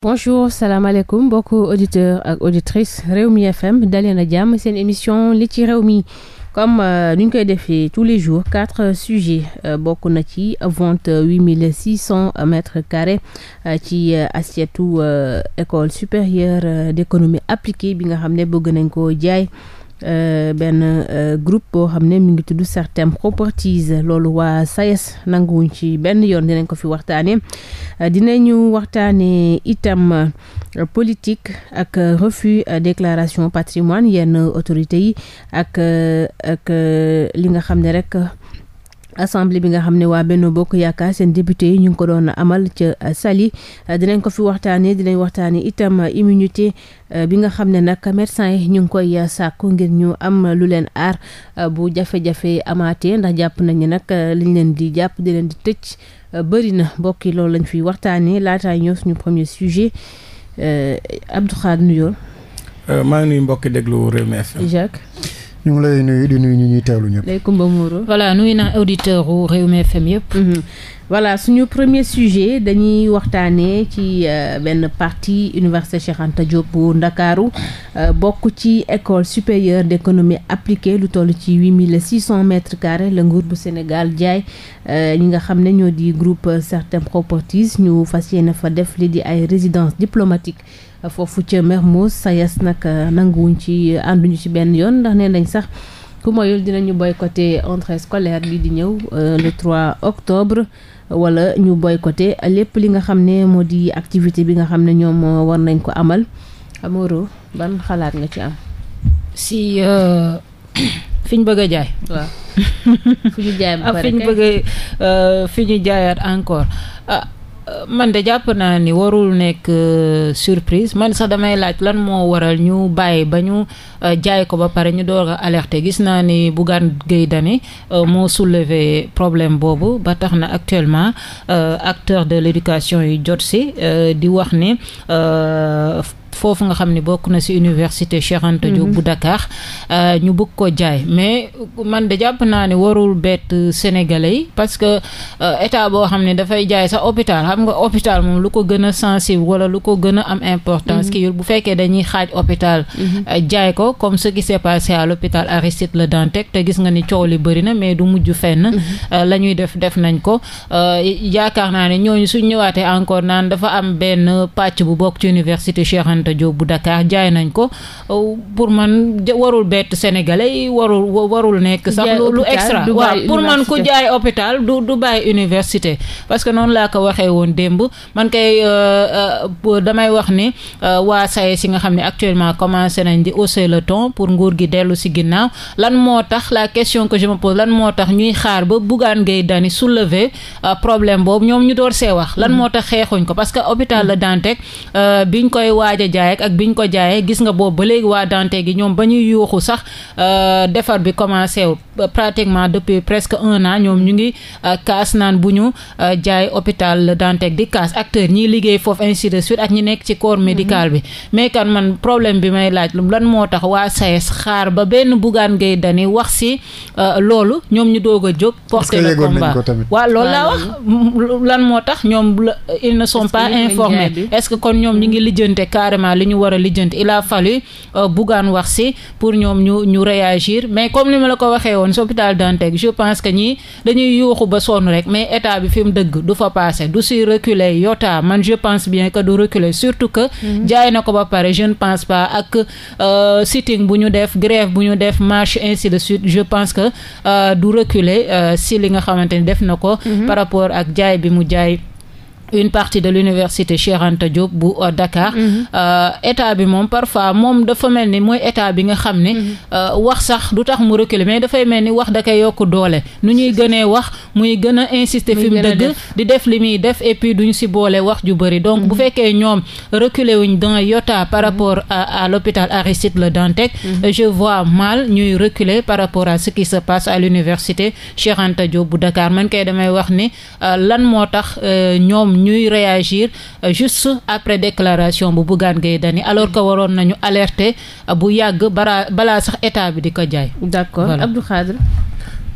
bonjour salaamaaleykum mbokki auditeur ak réew Rewmi FM daleen a jàmm seen émission li ci réew mi comme euh, ni ñu koy defee tous les jours quatre euh, sujets euh, bokk na ci vente huit mille six cent mètres carrés ci assiette école supérieure d'économie appliquée bi nga xam ne bëgg nañ koo jaay. Euh, benn euh, groupe boo xam ne mi ngi tudd certaines properties loolu waa SAES nanguwuñ ci benn yoon dinañ ko fi waxtaane euh, dinañu waxtaane itam politique ak refus déclaration patrimoine yenn autorités yi ak ak li nga xam ne rek assemblée bi nga xam ne waa benn Bokk Yaakaar seen député yi ñu ngi ko doon amal ca Saly dinañ ko fi waxtaanee dinañ waxtaanee itam immunité euh, bi nga xam ne nag médecins yi ñu ngi koy sàkku ngir ñu am lu leen aar euh, bu jafe-jafe amaatee ndax jàpp nañu nag euh, liñ leen di jàpp di leen di tëj bëri na mbokk yi loolu lañ fi waxtaane laataa ñëw suñu premier sujet Abdou Khadre nuyoo. maa ngi nuyu mbokki déglu Rewmi FM. ñu ngi lay ñu di nuyu ñu ñuy teewlu ñëpp. Ndeye Comba Moreau voilà nuyu naa auditeurs u Rewmi FM yëpp. Mm-hmm. voilà suñu premier sujet dañuy waxtaanee ci euh, benn partie université Cheikh Anta bu Ndakaaru euh, bokk ci école supérieure d'économie appliquée lu toll ci huit mille six cent mètres carrés la nguur bu Sénégal jaay euh, ñi nga xam ne ñoo di groupe Certain Properties ñu fas yéene fa def li di ay résidence diplomatique foofu ca Mermoz Sayes nag nanguwuñ ci ànduñu ci benn yoon ndax ne nañ sax. ku moyul dinañu boycotter rentrée scolaire bii di ñëw euh, le 3 octobre wala ñu boycotter lépp li nga xam ne moo di activité bi nga xam ne ñoom moo war nañ ko amal Amoro ban xalaat nga ci am. si fi ñu bëgg jaay. waaw fi ñu bëgg a ah, euh, fi ñu jaayaat encore ah, man de jàpp naa ni warul nekk euh, surprise man sax damay laaj lan moo waral ñu bàyyi ba ñu euh, jaay ko ba pare ñu door a alerter gis naa ni Bougane Gueye Dany euh, moo soulever problème boobu ba tax na actuellement acteur de l'éducation yu jot si di wax ni foofu nga xam ne bokk na ci université Cheikh Anta mhm. bu dakaar euh, ñu bugg ko jaay mais man de jàpp naa ne warul bett sénégalais yi parce que euh, état boo xam ne dafay jaay sax hôpital xam nga hôpital moom lu ko gën a sensible wala lu ko gën a am importance mhm. ki bu fekkee dañuy xaaj hôpital mhm. euh, jaay ko comme ce qui s'est passé à l'hôpital Aristide Le Dantec te gis nga ni coow li bëri na mais du mujj fenn la ñuy def def nañ ko yaakaar naa ne ñooñu suñ ñëwaatee encore naan dafa am benn pàcc bu bokk ci université Anta Diop bu Dakar jaay nañ ko euh, pour man warul bett sénégalais warul warul nekk sax lu extra waaw pour man ku jaay hôpital du du bàyyi université parce que noonu laa ko waxee woon démb man kay euh, euh, damay wax ni waa saye si nga xam ni actuellement commencé nañ di hausser le ton pour nguur gi dellu si ginnaaw lan moo tax la question que je lan moo tax ñuy xaar ba Bougane Gueye Dany soulever problème boobu ñoom ñu door see wax lan mm-hmm. moo tax xeexuñ ko parce que hôpital la Dantec biñ koy koy jaayee ak bi ñu ko jaayee gis nga boobu ba léegi waa Dantec gi ñoom ba ñuy yuuxu sax euh, defar bi commencé pratiquement depuis presque un an ñoom ñu ngi euh, kaas naan bu ñu euh, jaay hôpital Dantec di kaas acteur ñi liggéey foofu ainsi de suite ak ñi nekk ci corps médical bi mm-hmm. mais kan man problème bi may laaj lan moo tax waa SAES e xaar ba benn Bougane Gueye Dany wax si loolu ñoom ñu doog a jóg porter le combat waaw loolu laa wax lan moo tax ñoom ils ne est-ce vraiment li ñu war a lijjanti il a fallu euh, Bougane wax si pour ñoom ñu ñu réagir mais comme li ma la ko waxee woon hôpital Dantec je pense que ñii dañuy yuuxu ba sonn rek mais état bi fi mu dëgg du fa paase du si reculer yota man je pense bien que du reculer surtout que mhm. jaay na ko ba pare je pense pas ak euh, sitting bu ñu def grève bu ñu def marche ainsi de je pense que euh, du reculer si li nga xamante ni def na ko mhm. par rapport ak jaay bi mu jaay une partie de l'université Cheikh Anta Diop bu euh, Dakar mhm. euh, état bi moom parfois moom dafa mel ni mooy état bi nga xam ne mhm. euh, wax sax du tax mu reculer mais dafay mel ni wax da koy yokk doole nu ñuy gënee wax muy gën a insister fi mu dëgg di def li muy def et puis duñ si boole wax ju bëri donc bu mhm. fekkee ñoom reculer wuñ dans yota par rapport à l'hôpital Aristide Le Dantec je vois mal ñuy reculer par rapport à ce qui se passe à l'université Cheikh Anta Diop bu Dakar man kay damay wax ni lan moo tax ñuy réagir euh, juste après déclaration bu Bougane Gueye Dany alors que waroon nañu alerter euh, bu yàgg bara balaa sax état bi di ko jaay. d'accord Abdou Khadre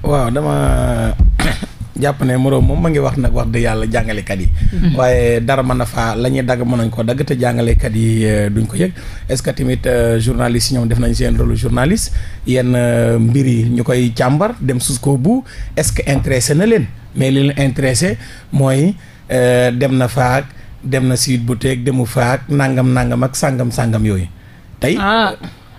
waaw dama jàpp ne moroom moom ma ngi wax nag wax dëgg yàlla jàngalekat yi. Mhm. waaye dara mën na faa la ñuy dagg mën nañ ko dagg te jàngalekat yi euh, duñ ko yëg est-ce que tamit journaliste yi ñoom def nañ seen rôle journaliste yenn mbir yi ñu koy jàmbar dem sus ko bu est-ce que intéressé na leen mais li leen intéressé mooy. Eh, dem na faak dem na siit bu teeg demu faak nangam nangam ak sàngam sàngam yooyu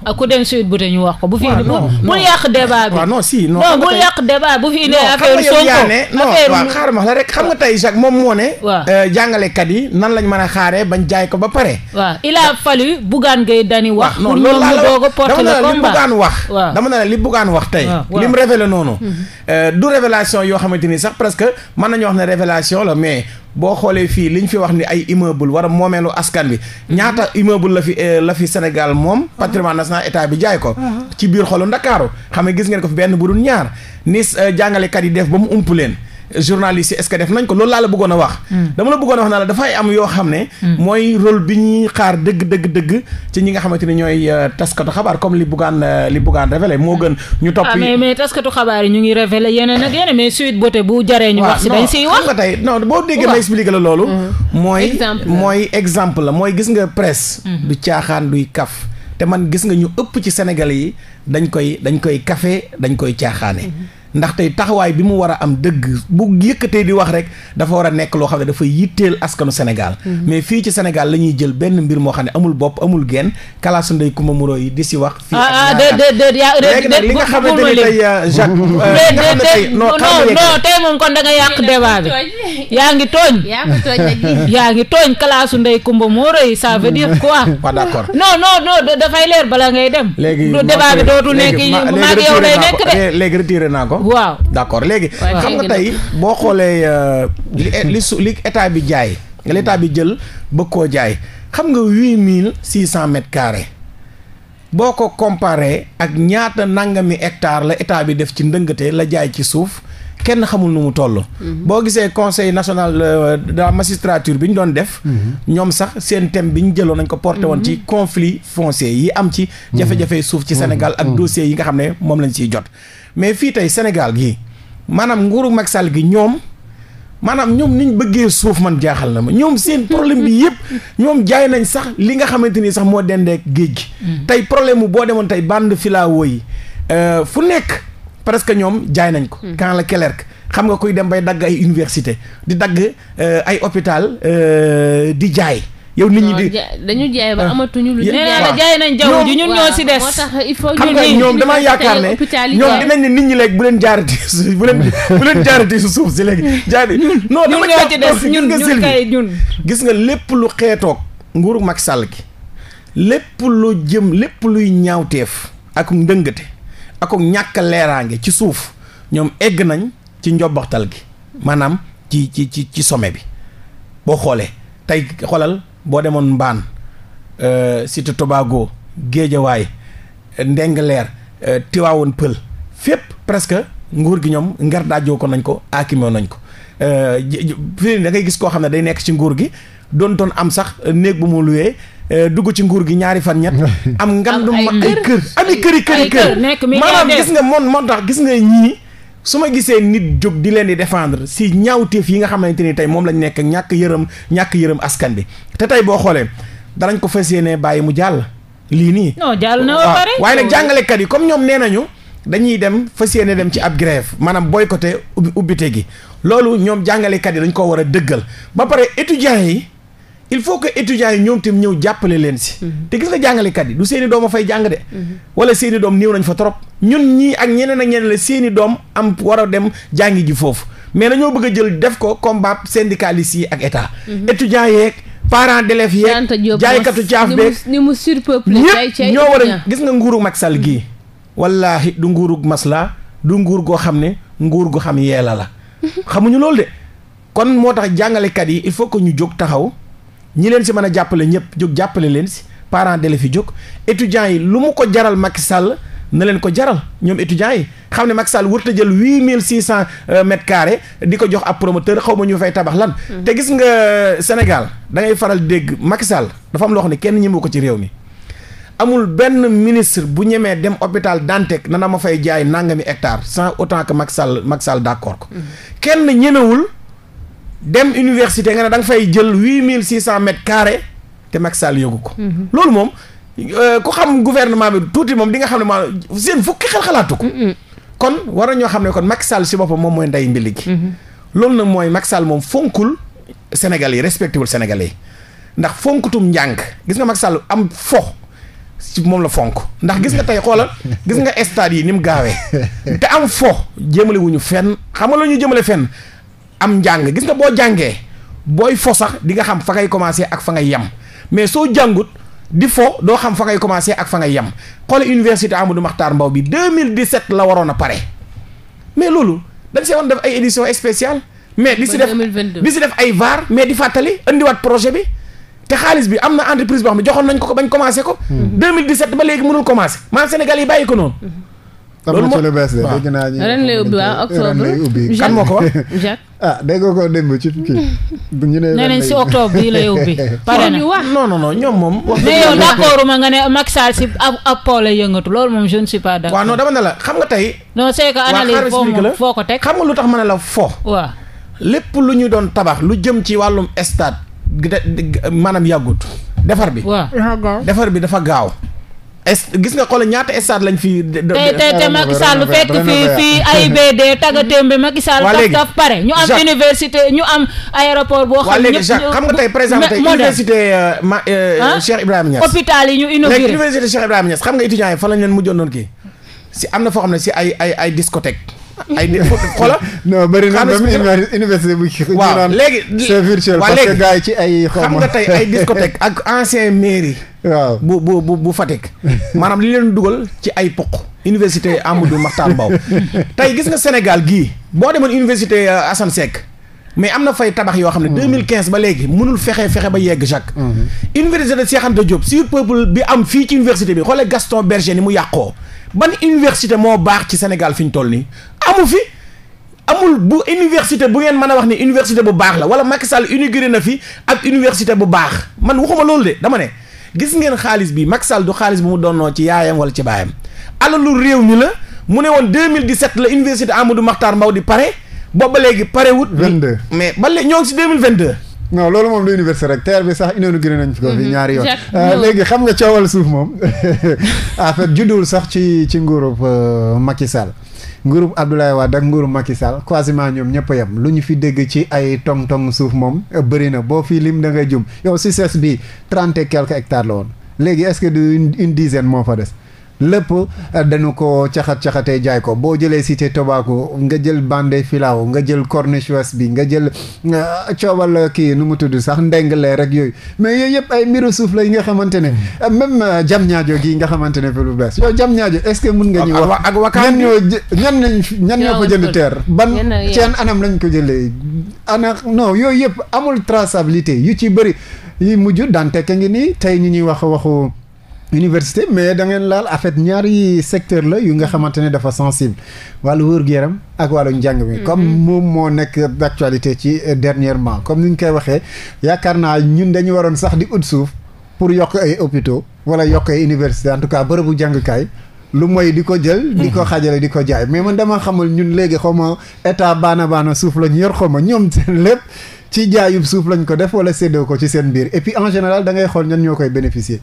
Ah, ku dem suite bu te ñu wax ko. bu fi indi bul yàq débat bi. waaw non si non non bul yàq débat bu fi indee affaire Sonko affaire non xaaral ma la rek xam nga tey Jacques moom moo ne. waaw euh, jàngalekat yi nan lañ mën a xaaree bañ jaay ko ba pare. waaw il a fallu Bougane Gueye Dany wax. non loolu laa la doog a porte le combat dama li Bougane wax. waaw dama ne la li wax tey. li mu révélé noonu. Mm-hmm. Euh, du révélation yoo xamante ni sax presque mën nañu wax ne révélation la mais boo xoolee fii li ñu fi wax ni ay immeuble war a moomeelu askan bi mhm. ñaata immeuble la fi eh, la fi Sénégal moom mhm. patrimoine national état bi jaay ko mhm. ci biir xolu Ndakaaru xam nga gis ngeen ko fi benn bu dul ñaar ni eh, jàngalekat yi def ba mu ump leen journaliste yi est def nañ ko loolu laa la bëggoon a wax. Hmm. dama la bëggoon a wax naa la dafay am yoo xam ne. Hmm. mooy rôle bi ñuy xaar dëgg dëgg dëgg ci ñi nga xamante ne ñooy euh, taskatu xabaar comme li buggaan euh, li buggaan révélé moo gën. ñu topp ah mais mais taskatu xabaar yi ñu ngi révélé yeneen ak yeneen mais suite boote bu jaree ñu wax si dañ siy wax. xam hmm. mooy mooy exemple la mooy gis nga presse. du caaxaan duy kaf. te man gis nga ñu ëpp ci Sénégal yi dañ koy dañ koy café dañ koy caaxaane. ndax tey taxawaay bi mu war a am dëgg bu yëkkatee di wax rek dafa war a nekk loo xam ne dafa yitteel askanu senegal mm-hmm. mais fii ci senegal lañuy jël benn mbir moo xam ne amul bopp amul genn kalaasu ndey kuma muroo yi di si wax fii ak xamante ni tey kon yàq yaa ngi tooñ yaa ngi tooñ kalaasu ndey kumba muroo yi ça veut dire quoi waaw d'accord dafay leer bala ngay dem léegi débat bi dootu nekk yi maag yow lay nekk de léegi retiré naa ko waaw d' accord léegi xam nga tey boo xoolee euh, li eh, li su li état bi jaay l' état bi jël bëgg koo jaay xam nga huit mille six cent mètres carrés boo ko comparé ak ñaata nangami hectare la état bi def ci ndëngate la jaay ci suuf kenn xamul nu mu toll. Mhm. boo gisee conseil national euh, de la magistrature bi ñu doon def. Mhm. ñoom sax seen thème bi ñu jëloon nañ ko porté woon mhm. ci conflit foncier yi am ci. jafe-jafe suuf ci Sénégal ak dossiers yi nga xam ne moom lañ ciy jot. mais fii tey Sénégal gii maanaam nguuru Macky Sall gi ñoom maanaam ñoom niñ bëggee suuf man jaaxal na ma ñoom seen problème bi yëpp ñoom jaay nañ sax li nga xamante ni sax moo dendee géej gi. Mm-hmm. tey problème mu boo demoon tey bande filao yi euh, fu nekk presque ñoom jaay nañ ko. Mm-hmm. quand la Clerc xam nga kuy dem bay dagg ay université di dagg euh, ay hôpital euh, di jaay. yow nit ñi di dañu jaay ba ah. amatuñu lu ñu ah. jaay nañ jaww ji ñun ñoo si des moo tax il faut xam nga ñoom damaa yaakaar ne ñoom dinañ ne nit ñi léegi bu leen jaarati bu leen bu leen si suuf si léegi jaarati non dama ñoo ci des ñun ñun kay gis nga lépp lu xeetoog nguuru Macky Sall gi lépp lu jëm lépp luy ñaawteef ak ndëngate ak ñàkk leeraange ci suuf ñoom egg nañ ci njobbaxtal gi maanaam ci ci ci ci sommet bi boo xoolee tey xoolal boo demoon Mbaan euh, Cité Tobago Géejawaay Ndengleer euh, Tiwaawoon Pël fépp presque nguur gi ñoom ngar daajoo ko nañ ko aakimoo nañ ko euh, fii da ngay gis koo xam ne day nekk ci nguur gi doon doon am sax néeg bu mu luwee dugg ci nguur gi ñaari fan ñett am ngandum ay kër ami këri këri kër maanaam gis nga moon moon tax gis nga ñii su ma gisee nit jóg di leen di défendre si ñaawteef yi nga xamante ni tey moom lañ nekk ñàkk yërëm ñàkk yërëm askan bi te tey boo xoolee danañ ko fas yéene bàyyi mu jàll lii nii. non na ba waaye nag jàngalekat yi comme ñoom nee nañu dañuy dem fas yéene dem ci ab grève maanaam boycotté ubbite gi loolu ñoom jàngalekat yi dañ ko war a dëggal ba pare étudiants yi. il faut que étudiants yi ñoom tam ñëw jàppale leen si mhm. te gis nga jàngalekat yi du seeni doom a fay jàng de mhm. wala seeni doom néew nañ fa trop ñun ñii ak ñeneen ak ñeneen la seeni doom am war a dem jàngi ji foofu mais dañoo bëgg a jël def ko combat syndicaliste yi ak état mhm. étudiants yeeg parents d'élèves yeeg jaaykatu caaf beeg ni mu surpeuplé ñëpp ñoo war a gis nga nguuru mag Sall gii wallaahi du nguuru masla du nguur goo xam ne nguur goo xam yeela la xamuñu loolu de kon moo tax jàngalekat yi il faut que ñu jóg taxaw ñi leen si mën a jàppale ñëpp jóg jàppale leen si parents d'élèves fi jóg étudiants yi lu mu ko jaral Macky Sall na leen ko jaral ñoom étudiants yi xam ne Macky Sall wër ta jël huit mille six cent euh, mètres carrés di ko jox ab promoteur xaw ma ñu fay tabax lan. Hmm. te gis nga euh, Sénégal da ngay faral dégg Macky Sall dafa am loo xam ne kenn ñemewu ko ci réew mi. amul benn ministre bu ñemee dem hôpital Dantec na ma fay jaay nangami hectare sans autant que Macky Sall Macky Sall d'accord ko. Hmm. kenn ñemewul. dem université nga ne danga fay jël huit mille six cent mètres carrés te Macky Sall yëgu ko. Mhm. loolu moom euh, ku xam gouvernement bi tuuti moom di nga xam ne maanaam seen fukki xel xalaatu ko. Mhm. kon war a ñoo xam ne kon Macky Sall si boppam moom mooy nday mbili gi. Mhm. loolu nag mooy Macky Sall moom fonkul Sénégal yi respecté wul Sénégal yi ndax fonkutum njàng gis nga Macky Sall am fo. ci moom la fonk ndax gis nga tey xoolal gis nga stade yi ni mu gaawee te am fo jëmale wuñu fenn xam nga la ñu jëmale fenn am njàng gis nga boo jàngee booy fo sax di nga xam fa ngay commencé ak fa ngay yem mais soo jàngut di fo doo xam fa ngay commencé ak fa ngay yem xoole université Amadou Mahtar Mbow bi 2017 la waroon a pare mais loolu dañ see woon def ay édition spéciale mais di si def di si def ay VAR mais di fàttali andiwaat projet bi te xaalis bi am na entreprise boo xam ne joxoon nañ ko ko bañ commencé ko 2017 hmm. ba léegi mënul commencé maanaam Sénégal yi bàyyi ko noonu hmm. loolu moom ren lay ubbi waaw ah, octobre kan moo ko wax ah, ci si octobre bii lay ubbi pare moom wax mais yow ma nga ne Macky Sall si ab moom je ne suis pas d'accord waaw non dama ne la xam nga tey non c'est que analyse foo moom foo ko teg xam nga lu tax ma ne la foo waa lépp lu ñu doon tabax lu jëm ci wàllum stade maanaam yàggut defar bi waa defar bi dafa gaaw est gis nga xoolal ñaata stade lañ fi. tey tey tey Macky Sall fekk fii fii AIBD tàggatémbe Macky Sall. waa léegi taf pare ñu am université ñu am aéroport boo. xam ñëpp xam nga tey par exemple tey université euh, ma euh, ah? Cheikh Ibrahima Niass. yi ñu université Cheikh Ibrahima Niass xam nga étudiants yi fa lañ leen mujjoon doon kii si am na foo xam ne si ay ay ay discothèque. ay nit xoola. non bëri na même université bu kii. waaw léegi c'est virtuel parce que gars yi ci ay. xam nga tey ay discothèque ak ancien mairie. waaw bu bu bu bu Fatick. maanaam li leen dugal ci ay poq. université Amadou Mahtar Mbow. tey gis nga Sénégal gii. boo demoon université euh, Assane Seck. mais am na fay tabax yoo xam ne. 2015 hmm. ba léegi mënul fexe fexe ba yegg Jacques. Hmm. université Cheikh Anta Diop sur peuple bi am fii ci université bi xole Gaston Berger ni mu yàqoo. ban université moo baax ci Sénégal fi ñu toll nii amu fi amul bu université bu ngeen mën a wax ni université bu baax la wala Macky Sall inauguré na fi ak université bu baax man waxuma loolu de dama ne gis ngeen xaalis bi Macky Sall du xaalis bu mu doonoo ci yaayam wala ci baayam alalu réew mi la mu ne woon 2017 la université Amadou Mahtar Mbow di pare booba léegi pare wut. 22 mais ba léegi ñoo ngi si 2022. non loolu moom lu université rek terre bi sax inauguré nañ ko fi mhm. ñaari yoon euh, léegi xam nga coowal suuf moom en fait judduwul sax ci ci nguurub euh, Macky Sall nguurub Abdoulaye Wade ak nguurub Macky Sall quasiment ñoom ñëpp a yem lu ñu fi dégg ci ay tong-tong suuf moom euh, bëri na boo fi lim da ngay jum yow si ses bi trente et ectare la woon léegi est-ce que du une dizaine moo fa des lépp eh, dañu ko caxat caxatee jaay ko boo jëlee cité Tobago nga jël Bandé Filao nga jël Corniche Ouest bi nga jël eh, coobal kii nu mu tudd sax ndenglee rek yooyu mais yooyu yëpp ay mbiru suuf la yi nga xamante ne eh, même jam ñaajo gi nga xamante ne fi lu bees yow jam ñaajo est-ce que mun nga ñu wax ak ñan ñoo ñan nañ ñan ñoo ko jënd teer ban seen anam ñu ko jëlee ana non yooyu yëpp amul trasabilité yu ci bëri yi mujj daan tekke ngi nii tey ñu ñuy wax waxu université mais dangeen laal en fait ñaari secteur la yu nga xamante ne dafa sensible wàllu wér-gu-yaram ak wàllu njàng mi mm-hmm. comme moom moo nekk d'actualité ci euh, dernièrement comme ni ñu koy waxee yaakaar naa ñun dañu waroon sax di ut suuf pour yokk ay hôpitaux wala yokk ay université en tout cas bërëbu jàngukaay lu mooy di ko jël di ko mm-hmm. xajale di ko jaay mais man dama xamul ñun léegi xaw ma état baana baana suuf lañ yor xaw ma ñoom seen lépp ci jaayub suuf lañ ko def wala séddoo ko ci seen biir et en général da ngay xool ñan ñoo koy bénéficier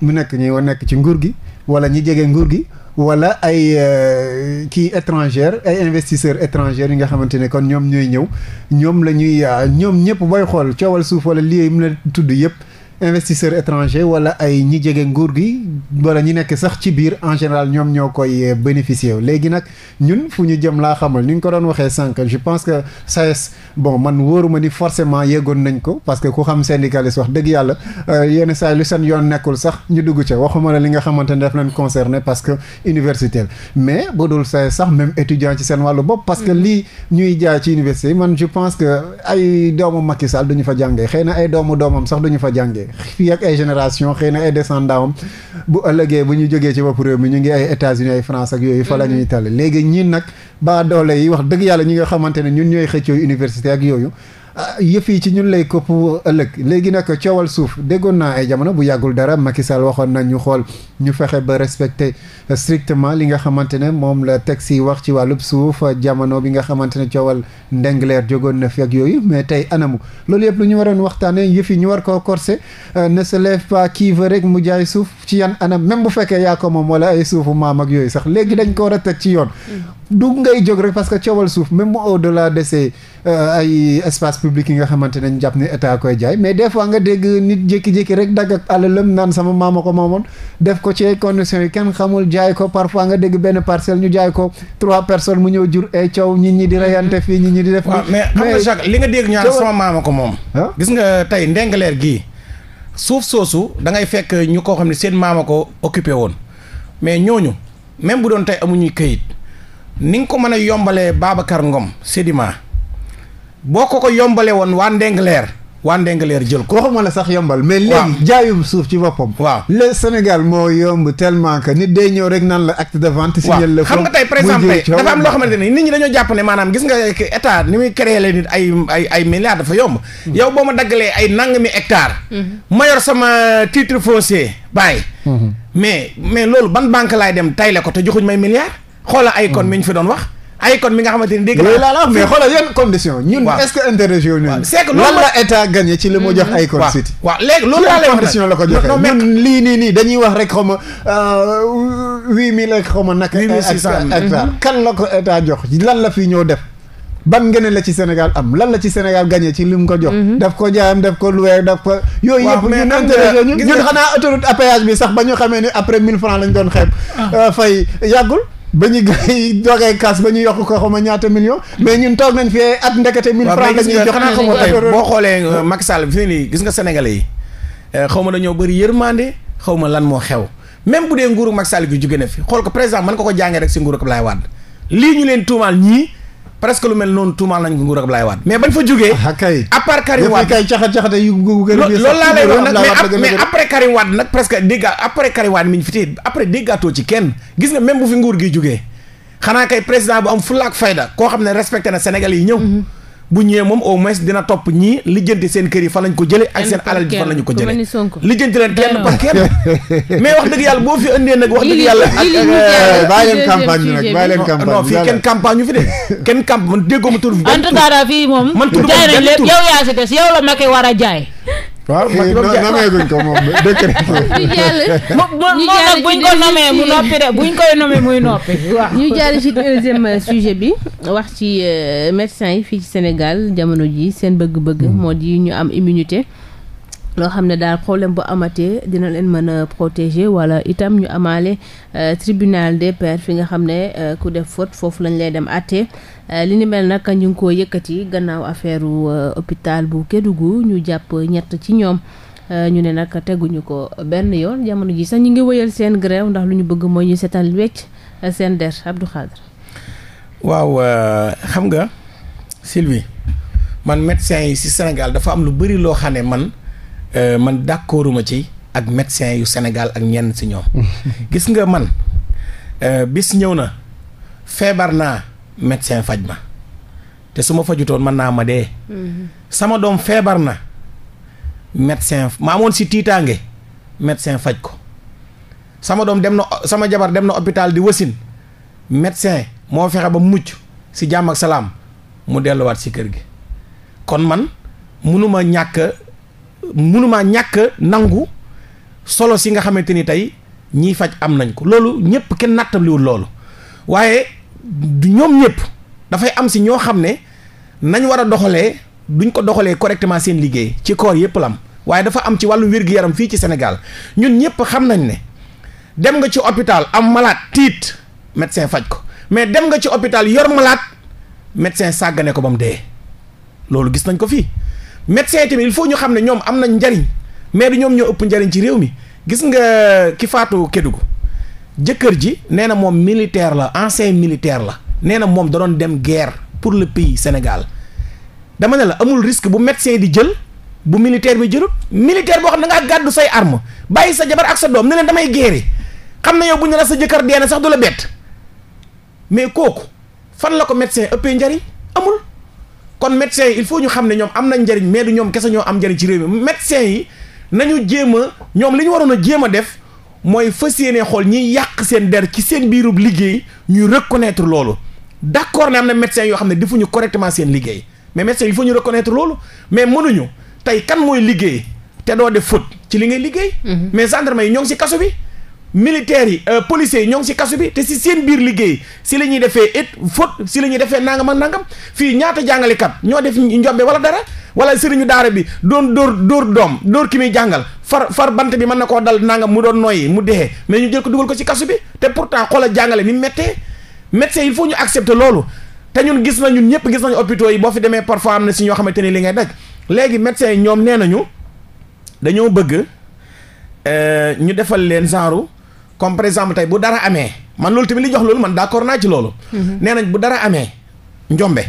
mu nekk ñi nekk ci nguur gi wala ñi jege nguur gi wala ay euh, kii étranger ay investisseurs étrangers yi nga xamante ne kon ñoom ñooy ñëw ñoom la ñuy euh, ñoom ñëpp booy xool coowal suuf wala lii mu la tudd yëpp investisseur étranger wala ay ñi jege nguur gi wala ñi nekk sax ci biir en général ñoom ñoo koy euh, bénéficier wu léegi nag ñun fu ñu jëm laa xamal ni ñu ko doon waxee sànq je pense que SAES e bon man wóoruma ni forcément yeggoon nañ ko parce que ku xam syndicaliste wax dëgg yàlla euh, yenn saa yi lu seen yoon nekkul sax ñu dugg ca waxuma la li nga xamante ne daf leen concerné parce que universitaire mais bu dul SAES e sax même étudiant ci seen wàllu bopp parce que mm-hmm. lii ñuy jaay ci université man je pense que ay doomu Macky Sall fa jàngee xëy na ay doomu doomam sax duñu fa jàngee fii ak ay génération xëy na ay descendants bu ëllëgee bu ñu jógee ci bopp réew mi ñu ngi ay États-Unis ay France ak yooyu fa la ñuy tale léegi ñiin nag ba doole yi wax dëgg yàlla ñi nga xamante ne ñun ñooy xëccoo université ak yooyu Ah, yëf yi ci ñun lay këpp ëllëg léegi nag coowal suuf déggoon naa ay jamono bu yàggul dara Macky Sall waxoon nag ñu xool ñu fexe ba respecter eh, strictement li nga xamante ne moom la texte yi wax ci wàllub suuf jamono bi nga xamante ne coowal ndengleer jógoon na fi ak yooyu mais tey anamu loolu yëpp lu ñu waroon waxtaanee yëf yi ñu war koo corser eh, ne se lève pas qui rek mu jaay suuf ci yan anam même bu fekkee yaa ko moom wala ay suufu maam ak yooyu sax léegi dañ ko war a teg ci yoon. Mm. du ngay jóg que coowal suuf même au delà de ces eh, ay espaces publique yi nga xamante nañ jàpp ni état koy jaay mais des fois nga dégg nit jékki-jékki rek dagg ak àlalam naan sama maama ko moomoon def ko ci ay conditions yi kenn xamul jaay ko parfois nga dégg benn parcelle ñu jaay ko trois personnes mu ñëw jur ay coow nit ñi di reyante mm-hmm. fii nit ñi di def mais xam nga Jacques li nga dégg ñaan sama maama ko moom gis nga tey ndengaleer gii suuf soosu da ngay fekk ñu koo xam ne seen maama ko occupé woon mais ñooñu même bu doon tey amuñuy këyit ni nga ko mën a yombalee Babacar Ngom Sedima boo ko ko yombalee woon waa Ndengleer waa Ndengleer jël ko ma la sax yombal mais léegi jaayum suuf ci boppam waaw le Sénégal moo yomb tellement que nit day ñëw rek naan la acte de vente signal la xam nga tey par exemple dafa am loo xamante ne nit ñi dañoo jàpp maanaam gis nga état ni muy créé la nit ay ay ay milliards dafa yomb hmm. yow boo ma daggalee ay nangami hectare hmm. ma yor sama tiitre foncier baay hmm. mais mais loolu ban banque laay dem tay ko te joxuñ may milliards xoola ay kon mi ñu doon wax ay kon mi nga xamante ni dégg naa laa la wax mais xoolal yan condition ñun ci li mu jox ay kon city waaw léegi loolu laa lay wax condition la ko joxe ñun wax rek xaw ma xaw euh, ma nag huit mille six cent hectares mhm. kan la ko état jox lan la fi ñëw def ban ngeen la ci Sénégal am lan la ci Sénégal gagné ci li mu ko jox mhm. daf ko jaayam daf ko loué daf ko yooyu yëpp ñun interrégion ñun ñun xanaa autoroute à péage bi sax ba ñu xamee ni après mille francs lañ doon xeeb ah. euh, fay yàggul ba ñu gars yi doogay kaas ba ñu yokk ko xaw ma ñaata million mais ñun toog nañ fii at ndekete mille francs la jox xanaa xam nga boo xoolee euh, Macky Sall bi fi nii gis nga sénégalais yi euh, xaw ma dañoo bëri yërmande xaw ma lan moo xew même bu dee nguuru Macky Sall gi jóge na fi xool ko président man ko ko jànge rek si nguuru Abdoulaye Wade lii ñu leen tuumaal ñii presque lu mel noonu tuumaal nañ ko nguur Abdoulaye Wade mais bañ fa jógee ah, kay à part Karim Wade kay caxat caxate yu loolu laa lay wax nag mais après Karim nag presque dégga après Karim mi ñu fi tey après déggaatoo ci kenn gis nga même bu fi nguur gi jógee xanaa kay président bu am fulla ak fayda koo xam ne respecté na Sénégal yi ñëw mm-hmm. bu ñëwee moom au moins dina topp ñii lijjanti seen kër yi fan lañ ko jëlee ak seen alal ji fan lañu ko jëlee lijjanti leen kenn par kenn mais wax dëgg yàlla boo fi indee nag wax dëgg yàlla ak eh, bàyyi leen campagne bi nag bàyyi leen campagne non fii kenn campagne ñu fi de kenn camp man déggoo ma tur fi en tout cas daal fii moom man tudd jaay nañ lépp yow yaa si des yow la Macky war a jaay waaw eh, man nommé guñ ko moom décret. ñu jaaree buñ ko nommé mu noppi de buñ koy nommé muy noppi ñu jaaree ci deuxième euh, sujet bi wax ci euh, médecins yi fii ci Sénégal jamono ji seen bëgg-bëgg. Hmm. moo di ñu am immunité. loo xam ne daal problème bu amatee dina leen mën a protéger wala itam ñu amaale euh, tribunal des pairs fi nga xam ne euh, ku def faute foofu lañ lay dem àtte euh, li ni mel nag ñu ngi ko yëkkati gannaaw affaire hôpital bu Kédougou ñu jàpp ñett ci ñoom ñu ne nag teguñu ko benn yoon jamono ji sax ñu ngi wëyal seen grève ndax lu ñu bëgg mooy ñu setal wecc seen der Abdou Khadre waaw xam nga Sylvie man médecin yi ci Sénégal dafa am lu bari loo xam ne man Euh, man d'accorduma ci ak médecin yu senegal ak ñenn si ñoom. gis nga man euh, bis ñëw na feebar naa médecin faj ma te su ma fajutoon man naa ma dee. Mm-hmm. sama doom feebar na médecin ma amoon si tiitaange médecin faj ko sama doom dem na sama jabar dem na hôpital di wasin médecin moo fexe ba mu mucc si jàmm ak salaam mu delluwaat si kër gi kon man munuma ñàkk. mënumaa ñàkk nangu solo si nga xamante ni tey ñiy faj am nañ ko loolu ñëpp kenn nattabliwul loolu waaye du ñoom ñëpp dafay am si ñoo xam ne nañ war a doxalee duñ ko doxalee correctement seen liggéey ci koor yëpp la waaye dafa am ci wàllu wér-gu-yaram fii ci Sénégal ñun ñëpp xam nañ ne dem nga ci hôpital am malaat tiit médecin faj ko mais dem nga ci hôpital yor malaat médecin sàggane ko ba mu dee loolu gis nañ ko fii médecin yi tamit il faut ñu xam ne ñoom am nañ njariñ mais du ñoom ñoo ëpp njariñ ci réew mi gis nga ki faatu Kédougou jëkkër ji nee na moom militaire la ancien militaire la nee na moom da dem guerre pour le pays Sénégal dama ne la amul risque bu médecin di jël bu militaire bi jëlut militaire boo xam ne da ngaa gàddu say arme bàyyi sa jabar ak sa doom ne leen damay guerre xam na yow bu ñu la sa jëkkër dee na sax du la bett mais kooku fan la ko médecin ëppee njariñ amul kon médecin yi il faut ñu xam ne ñoom am na njëriñ mais du ñoom kese ñoo am njëriñ ci réew mi médecin yi nañu jéem a ñoom li ñu waroon a jéem a def mooy fas yéene xool ñiy yàq seen der ci seen biirub liggéey ñuy reconnaître loolu d'accord ne am na médecin yoo xam ne defuñu correctement seen liggéey mais médecin il faut ñu reconnaître loolu mais mënuñu tey kan mooy liggéey te doo def faute ci li ngay liggéey mm-hmm. mais gendarme yi ñoo ngi si kaso bi militaires yi euh, policiers yi ñoo ngi si kasu bi te si seen biir liggéey si la ñuy defee it faute si la ñuy defee nangam ak nangam fii ñaata jàngalekat ñoo def njombe wala dara wala sëriñu daara bi doon dóor dóor doom dóor ki muy jàngal far far bant bi mën na koo dal nangam mu doon noyyi mu dee mais ñu jël ko dugal ko ci kasu bi te pourtant xoolal jàngale ni méttee médecin il faut ñu accepter loolu te ñun gis na ñun ñëpp gis nañu hôpitaux yi boo fi demee parfois am na si ñoo xamante ni li ngay daj léegi médecin yi ñoom nee nañu dañoo bëgg euh, ñu defal leen genre comme par exemple tey bu dara amee man loolu tamit li jox loolu man d'accord naa ci loolu. Mhm. nee bu dara amee njombe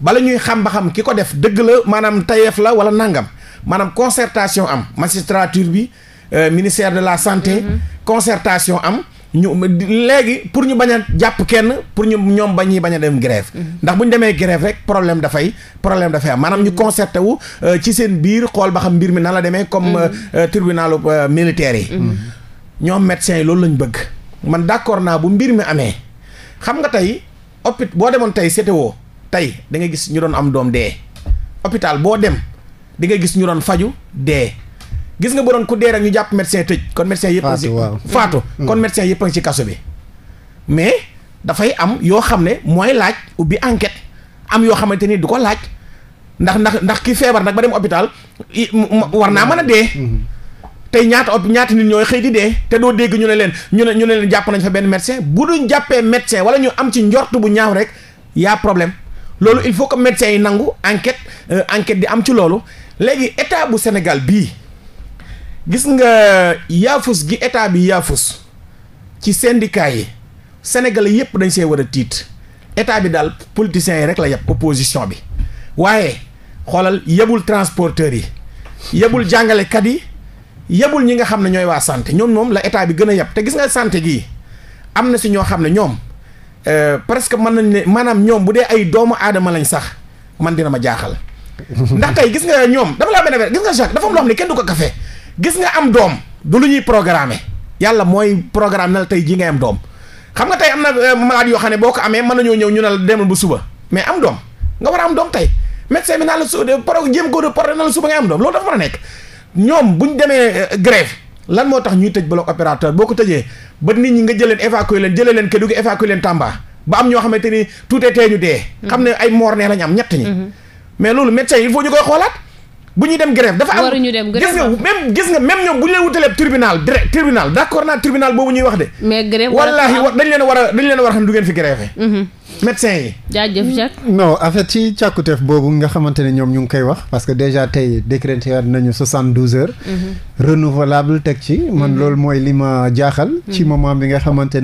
bala ñuy xam ba xam ki ko def dëgg la maanaam tayeef la wala nangam maanaam concertation am magistrature bi euh, ministère de la santé. Mm-hmm. concertation am. ñu léegi pour ñu bañ jàpp kenn pour ñu ñoom ba ñuy bañ a dem grève mhm. ndax bu ñu demee grève rek problème dafay problème dafay am maanaam ñu mhm. concerté wu euh, ci seen biir xool ba xam mbir mi nan la demee comme euh, euh, tribunal militaire yi ñoom médecins yi loolu lañu bëgg man d'accord naa bu mbir mi amee xam nga tey hôpital boo demoon tey CTO tey da nga gis ñu doon am doom dee hôpital boo dem di nga gis ñu doon faju dee gis nga bu doon ku dee rek ñu jàpp médecin tëj kon médecin yëpp ci faatu mm. kon médecin yëpp a ngi ci kaso bi mais dafay am yoo xam ne mooy laaj ubbi enquête am yoo xamante ni du ko laaj ndax ndax ndax ki feebar nag ba dem hôpital war naa mën a dee mm-hmm. tey ñaata ot ñaata nit ñooy xëy di dee te doo dégg ñu ne leen ñu ne ñu ne leen jàpp nañ fa benn médecin bu duñ jàppee médecin wala ñu am ci njort bu ñaaw rek y'a problème loolu il faut que médecin yi nangu enquête euh, enquête di am ci loolu léegi état bu Sénégal bii gis nga yaafus gi état bi yaafus ci syndicat yi sénégalais yépp dañ see war a tiit état bi daal politiciens yi rek la ko opposition bi waaye xoolal yebul transporteurs yi yebul jàngalekat yi yebul ñi nga xam ne ñooy waa sante ñoom moom la état bi gën a yeb te gis nga sante gii am na si ñoo xam ne ñoom euh, presque mën nañ ne maanaam ñoom bu dee ay doomu aadama lañ sax man dina ma jaaxal. ndax tey gis nga ñoom dama la benn benn gis nga Jacques dafa am loo xam ne kenn du ko kafe gis nga am doom ñuy programmer yàlla mooy programme tey jii ngay am doom xam nga tey am na euh, yoo xam ne boo ko amee mën nañoo ñëw ñu ne la demal ba suba mais am doom nga war a am doom tey médecin bi naan la su euh, pro jéem ko de na la suba ngay am doom loolu dafa mën a nekk. ñoom bu ñu demee euh, grève lan moo tax ñuy tëj bloc opérateur boo ko tëjee ba nit ñi nga jëlee évacuer leen jëlee leen Kédougou évacuer leen Tamba ba am ñoo xamante ni tout était ñu dee. xam mm-hmm. ne ay moor nee lañ am ñett ñi. Mm-hmm. mais loolu médecin yi il faut ñu koy xoolaat. bu ñuy dem grève dafa am waruñu dem grève gis nga même gis ñoom bu ñu leen wutalee tribunal direct tribunal d'accord naa tribunal boobu ñuy wax de. mais grève wallaahi dañ leen war a dañ leen war a xam du ngeen fi grève mhm. médecin yi. jaajëf Jacques. non en fait ci càkkuteef boobu nga xamante ñoom ñu ngi koy wax parce déjà tey décrété nañu soixante douze heures. Mhm. renouvelable teg ci. man mhm. loolu mooy li ma jaaxal. ci moment bi nga xamante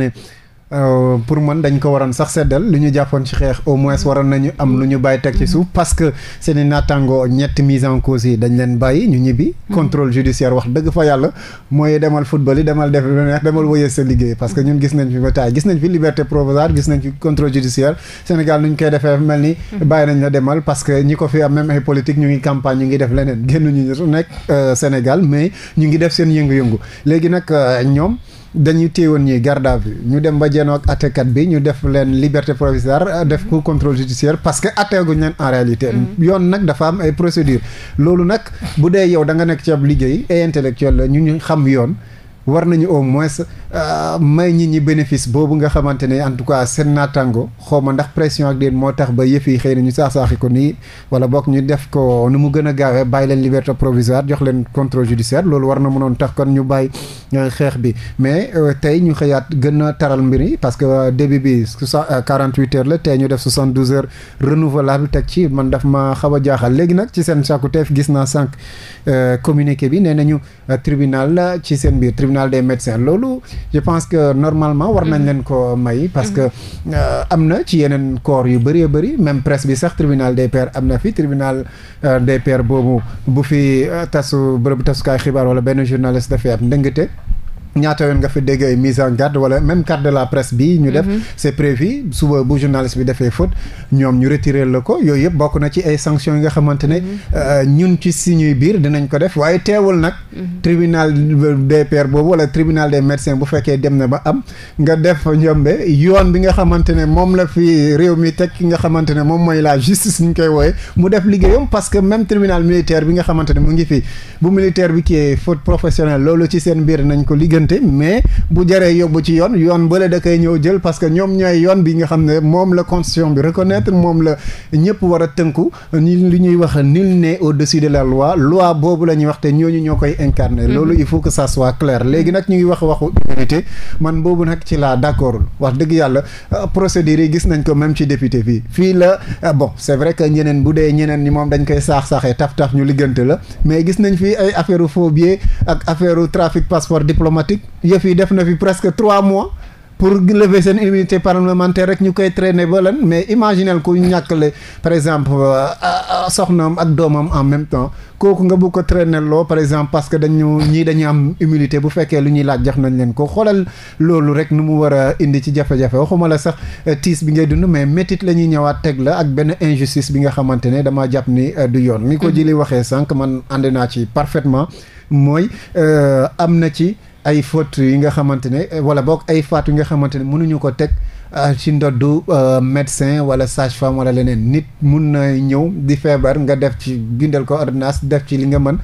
Euh, pour man dañ ko waroon sax seddal lu ñu jàppoon ci xeex au moins waroon nañu am lu ñu bàyyi teg ci suuf parce que seen i naataangoo ñetti mise en cause yi dañ leen bàyyi ñu ñibbi. contrôle judiciaire wax dëgg fa yàlla mooy demal football yi demal def demal wëyee sa liggéey parce que ñun gis nañ fi ba taay gis nañ fi liberté provisoire gis nañ fi contrôle judiciaire Sénégal nu ñu koy defee mel ni bàyyi nañ la demal parce que ñi ko fi am même ay politique ñu ngi campagne ñu ngi def leneen génn ñu nekk euh, Sénégal mais ñu ngi def seen yëngu-yëngu léegi nag euh, ñoom dañuy téewoon ñi garde à ñu dem ba jenoog attekat bi ñu def leen liberté provisoire euh, def ko contrôle judiciaire parce que atteeguñ leen en réalité mm. yoon nag dafa am ay procédure loolu nag bu dee yow da nga nekk ci ab liggéey et intellectuel la ñu ñu xam yoon war nañu au moins euh, may nit ñi bénéfice boobu nga xamante ne en tout cas seen naataango xaw ma ndax pression ak déen moo tax ba yëf yi xëy na ñu saax-saaxi ko nii wala boog ñu def ko nu mu gën a gaawee bàyyi leen liberté provisoire jox leen contrôle judiciaire loolu war na mënoon tax kon ñu bàyyi euh, xeex bi mais euh, tey ñu xëyaat gën a taral mbir yi parce que début bi quarante huit heures la tey ñu def soixante douze heures renouvelable teg ci man daf ma xaw a jaaxal léegi nag ci seen sàkku teef gis naa sànq communiqué bi nee nañu tribunal ci seen biir tribunal des médecins loolu je pense que normalement war nañ mm-hmm. leen ko may parce que mm-hmm. euh, am na ci yeneen core yu bëree bëri même presse bi sax tribunal des pairs am na fi tribunal euh, des pairs boobu bu fi euh, tasu bërëb tasukaay xibaar wala benn journaliste dafay am ndëngate ñaata yoon nga fi dégg ay mise en garde wala même carte de la presse bi ñu def mhm. c'est prévu suba bu journaliste bi defee faute ñoom ñu retirer la ko yooyu yëpp bokk na ci ay sanctions yi nga xamante ne mhm. euh, ñun ci suñuy biir dinañ ko def waaye teewul nag mhm. tribunal des pairs boobu wala tribunal des médecins bu fekkee dem na ba am nga def njombe yoon bi nga xamante ne moom la fi réew mi teg ki nga xamante ne moom mooy la justice ñu koy wooye mu def liggéeyam parce que même tribunal militaire bi nga xamante ne mu ngi fi bu militaire bi ci seen biir nañ ko liggéey jëflante mais bu jëree yóbbu ci yoon yoon bële da koy ñëw jël parce que ñoom ñooy yoon bi nga xam ne moom la constitution bi reconnaître moom la ñëpp war a tënku li ñuy wax nul n'est au-dessus de la loi loi boobu la ñuy wax te ñooñu ñoo koy incarner mm-hmm. loolu il faut que ça soit clair léegi nag ñu ngi wax waxu immunité man boobu nag ci laa d'accordul wax dëgg yàlla euh, procédures gis nañ ko même ci député fii fii la euh, bon c'est vrai que ñeneen bu dee ñeneen ñi moom dañ koy yëf yi def na fi presque trois mois pour lever seen immunité parlementaire rek ñu koy traîner ba lan mais imaginel ku ñàkkale par exemple euh, euh, soxnaam ak doomam en même temps kooku nga bu ko traîner loo par exemple parce que dañu ñi dañu am immunité bu fekkee lu ñuy laaj jox nañ leen ko xoolal loolu rek nu mu war a indi ci jafe-jafe waxuma la sax euh, tiis bi ngay dund mais métit la ñuy ñëwaat teg la ak benn injustice bi nga xamante ne dama jàpp ni du yoon ni ko mhm. jili waxee sànq man ànd naa ci parfaitement mooy am na ci ay faute yi nga xamante ne eh, wala boog ay faatu yi nga xamante ne mënuñu ko teg ah, ci ndoddu euh, médecin wala sage femme wala leneen nit mun na ñëw di feebar nga def ci bindal ko ordonnance def ci li nga mën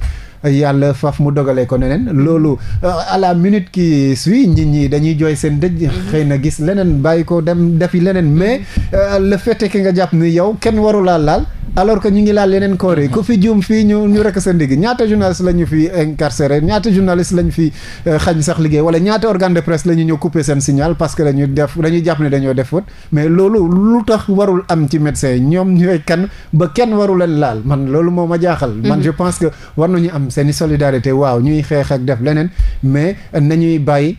yàlla faf mu dogalee ko neneen loolu euh, à la minute qui suit nit ñi dañuy jooy seen dëj mhm. xëy na gis leneen bàyyi ko dem defi leneen mhm. mais euh, le fait que nga jàpp ni yow kenn waru laa laal alors que ñu ngi laal yeneen koor yi mhm. fi fii ñu ñu rek ñaata journaliste la ñu fi incarcéré ñaata journaliste la ñu fi euh, xañ sax liggéey wala ñaata organe de presse la ñu ñëw couper seen signal parce que dañuy def dañuy jàpp ne dañoo def faute mais loolu lu tax warul am ci médecin ñoom ñooy kan ba kenn waru leen laal man loolu moo ma jaaxal man je pense que war nañu am seen i solidarité waaw ñuy xeex ak def leneen mais nañuy bàyyi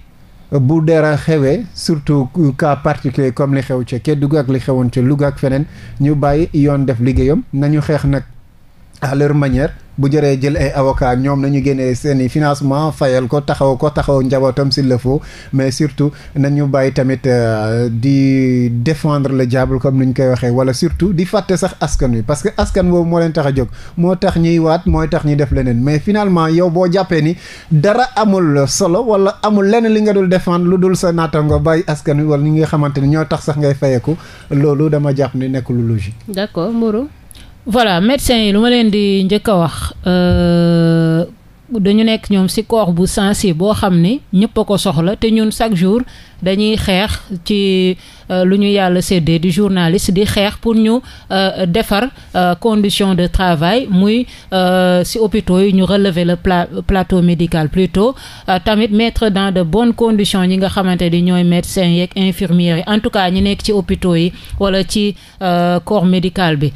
bu dara xewee surtout ka particulier comme li xew ca Kédougou ak li xewoon ca Louga ak feneen ñu bàyyi yoon def liggéeyam nañu xeex nag à manière bu jëree jël ay avocat ñoom nañu génnee seen i financement fayal ko taxaw ko taxaw njabootam si le faut mais surtout nañu bàyyi tamit euh, di défendre la diable comme ni ñu koy waxee wala surtout di fàtte sax askan wi parce que askan boobu moo leen tax a jóg moo tax ñuy waat mooy tax ñuy def leneen mais finalement yow boo jàppee ni dara amul solo wala amul lenn li nga dul défendre lu dul sa naatango bàyyi askan wi wala ñi nga xamante ni ñoo tax sax ngay fayeku loolu dama jàpp ni nekk lu voilà médecins yi lu ma leen di njëkk a wax euh, dañu nekk ñoom ci corps bu sensible boo xam ni ñëpp a ko soxla te ñun chaque jour dañuy xeex ci. Euh, lu ñu yàlla séddee di journaliste di xeex pour ñu euh, defar euh, condition de travail muy si hôpitaux yi ñu relever le plateau médical plutôt tamit mettre dans de bonnes conditions ñi nga xamante ni ñooy médecins yeeg infirmières yi en tout cas ñi nekk ci hôpitaux yi wala ci corps médical bi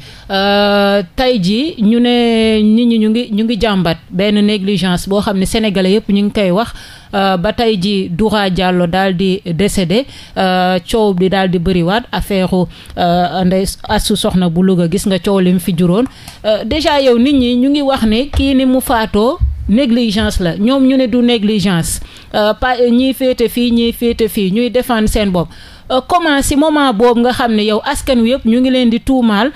tey ji ñu ne nit ñi ñu ngi ñu ngi jàmbat benn négligence boo xam ne sénégalais yëpp ñu ngi koy wax Euh, ba tey ji Doura Diallo daal di décédé euh, coow bi daal di bëriwaat affaire euh, Ndeye Astou Sokhna bu Louga gis nga coow lim mu fi juróon déjà yow nit ñi ñu ngi wax ne kii ni mu faatoo négligence la ñoom ñu ne du négligence pa ñiy féete fii ñiy féete fii ñuy défendre seen bopp comment si moment boobu nga xam ne yow askan wi yëpp ñu ngi leen di tuumaal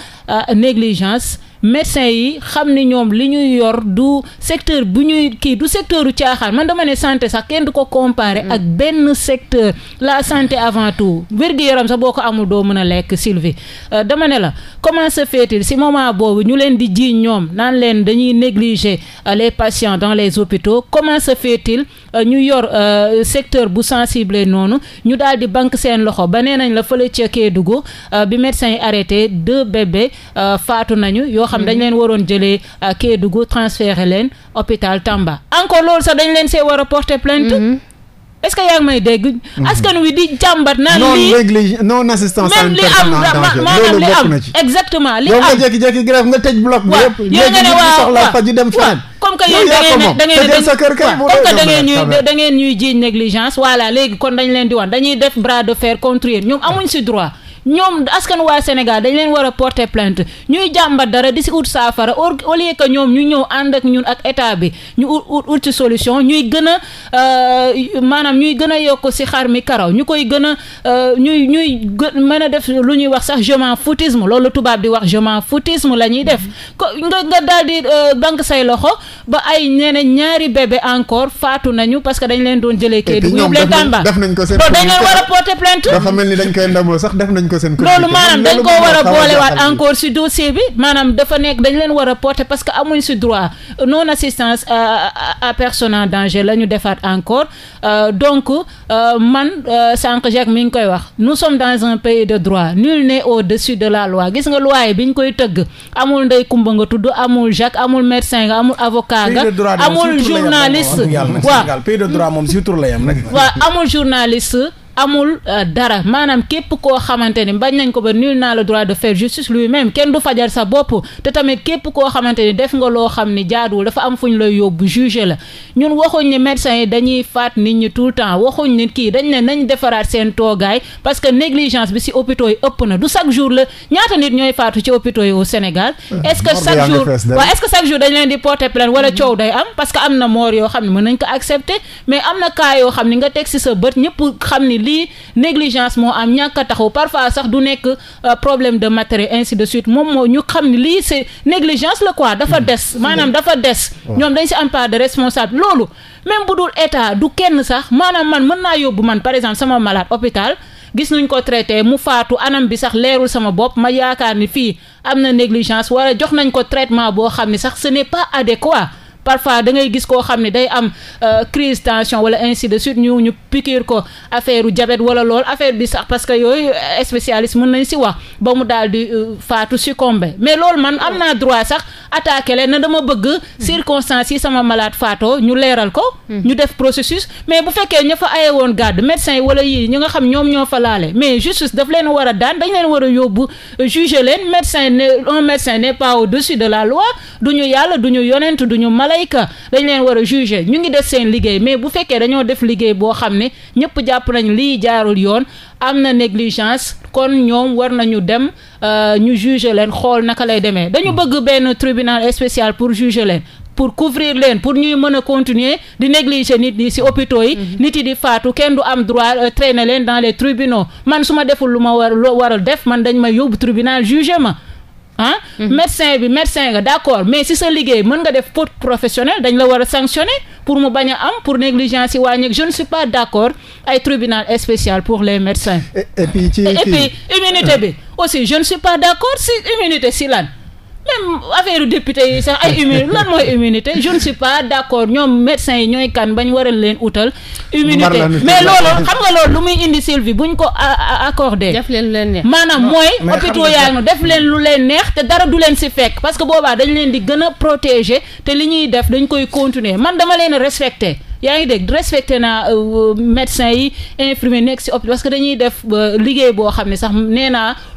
négligence médecin yi xam ni ñoom li ñuy yor du secteur bu ñuy kii du secteur u caaxaan man dama ne santé sax kenn du ko comparer ak mm. benn secteur la santé avant tout wér yaram sax boo ko amul doo mën a lekk Sylvie euh, dama ne la comment se si moment boobu ñu leen di jiiñ ñoom naan leen dañuy négliger euh, les patients dans les hôpitaux comment se ñu euh, yor euh, secteur bu sensible noonu ñu daal di banque seen loxo ba nee nañ la fële ca Kédougou euh, bi médecin yi arrêté deux bébés faatu nañu yoo xam dañ mhm. leen waroon jëlee Kédougou transféré leen hôpital Tamba encore loolu sax dañ leen see war a plainte mhm. est-ce que yaa ngi may dégg. Mhm. askan wi di jàmbat. naan lii non néglige non assistance à am na ci exactement li am nga jékki-jékki grève nga tëj bloc bi yëpp. léegi ñu ngi soxla comme que yéen da ngeen da sa kër kër bu comme que da ngeen ñuy da ngeen ñuy jiiñ négligence voilà léegi kon dañ leen di wan dañuy def bras de fer contre yéen ñoom amuñ si droit. ñoom askan waa Sénégal dañ leen war a porter plainte ñuy jàmbat dara di si ut saafara au lieu que ñoom ñu ñëw ànd ak ñun ak état bi ñu ut ut ci solution ñuy gën a euh, maanaam ñuy gën a yokk si xar mi karaw ñu koy gën a euh, ñuy ñuy mën a def lu ñuy wax sax je m'en foutisme loolu tubaab di wax je m'en foutisme la ñuy def mm-hmm. ko nga nga daal di euh, banque say loxo ba ay ñeneen ñaari bébé encore faatu nañu parce que dañ leen doon jëlee kii. te ñoom leen war a porter plainte. dafa mel dañ koy nañ ko seen loolu maanaam dañ koo war a boolewaat encore si dossier bi maanaam dafa nekk dañ leen war a porter parce que amuñ si droit non assistance euh, à personne en danger la ñu defaat encore euh, donc euh, man sànq Jacques mi ngi koy wax nous sommes dans un pays de droit nul n'est au-dessus de la loi gis nga loi bi ñu koy tëgg amul ndey kumba nga tudd amul Jacques amul médecin nga amul avocat nga amul journaliste waaw pays de droit moom si la yam nag amul journaliste amul euh, dara maanaam képp koo xamante ni bañ nañ ko ba nul naa le droit de faire justice lui-même kenn du fajal sa bopp te tamit képp koo xamante ni def nga loo xam ni jaaduwul dafa am fu ñu lay yóbbu juger la ñun waxuñ ni médecins yi dañuy faat nit ñi tout le temps waxuñ nit kii dañ ne nañ defaraat seen toogaay parce que négligence bi si hôpitaux yi ëpp na du chaque jour la ñaata nit ñooy faatu ci hôpitaux yi au Sénégal euh, est-ce que chaque jour waaw est-ce que chaque jour dañ leen di porter plainte wala coow day na moor yoo na cas yoo xam ne nga ñëpp lii négligence moo am ñàkk a taxaw parfois sax du nekk euh, problème de matériel ainsi de suite moom moo ñu xam ne lii c'est négligence la quoi dafa mm. des maanaam mm. dafa des ñoom dañ si am part de responsable loolu même bu dul état du kenn sax maanaam man mën naa yóbbu man par exemple sama malade hôpital gis nuñ ko traité mu faatu anam bi sax leerul sama bopp ma yaakaar ni fii am na négligence wala jox nañ ko traitement boo xam ni sax ce n'est pas adéquat parfois da ngay gis koo xam ne day am euh, crise tension wala insi de suite ñu ñu piqûre ko affaire u diabète wala lool affaire bi sax parce que yooyu euh, spécialiste mën nañu si wax ba mu daal di euh, faatu succomber mais loolu man am naa droit sax attaqué leen dama bëgg circonstances yi sama malaat faatoo ñu leeral ko hmm. ñu def processus mais bu fekkee ña fa aye woon gàdd médecin yi wala yii ñi nga xam ñoom ñoo fa laale mais justice daf leen war a daan dañ leen war a yóbbu juger leen médecin ne un médecin n'est pas de la loi lay ka dañ leen war a juger ñu ngi def seen liggéey mais bu fekkee dañoo def liggéey boo xam ne ñëpp jàpp nañ lii jaarul yoon am na négligence kon ñoom war nañu dem euh, ñu juger leen xool naka lay demee dañu bëgg benn tribunal spécial pour juger leen pour couvrir leen pour ñuy mën a continuer di négliger nit ñi ci hôpitaux yi. Mm-hmm. nit yi di faatu kenn du am droit euh, traîner leen dans les tribunaux man su ma deful lu ma war waral def man dañu ma yóbbu tribunal juger ma. ah médecin bi médecin nga d'accord mais si sa liggéey mën nga def faute professionnelle dañ la war a sanctionner pour mu bañ a am pour négligence yi wàññeeku je ne suis pas d'accord ay tribunal spécial pour les médecins et, et puis immunité bi aussi je ne suis pas d'accord si immunité si lan même affaire député yi sax ay immunité lan mooy immunité je ne suis pas d' accord ñoom médecins yi ñooy kan bañ waral leen utal. immunité mais loolu xam nga loolu lu muy indi Sylvie buñ ko accordé. def leen leen neex maanaam mooy. hôpitaux yaa ngi def leen lu leen neex te dara du leen si fekk parce que boobaa dañ leen di gën a protéger te li ñuy def dañ koy continuer man dama leen respecté. yaa ngi dégg respecté naa euh, médecins yi infirmiers nekk si hôpital parce que dañuy def euh, liggéey boo xam ne sax nee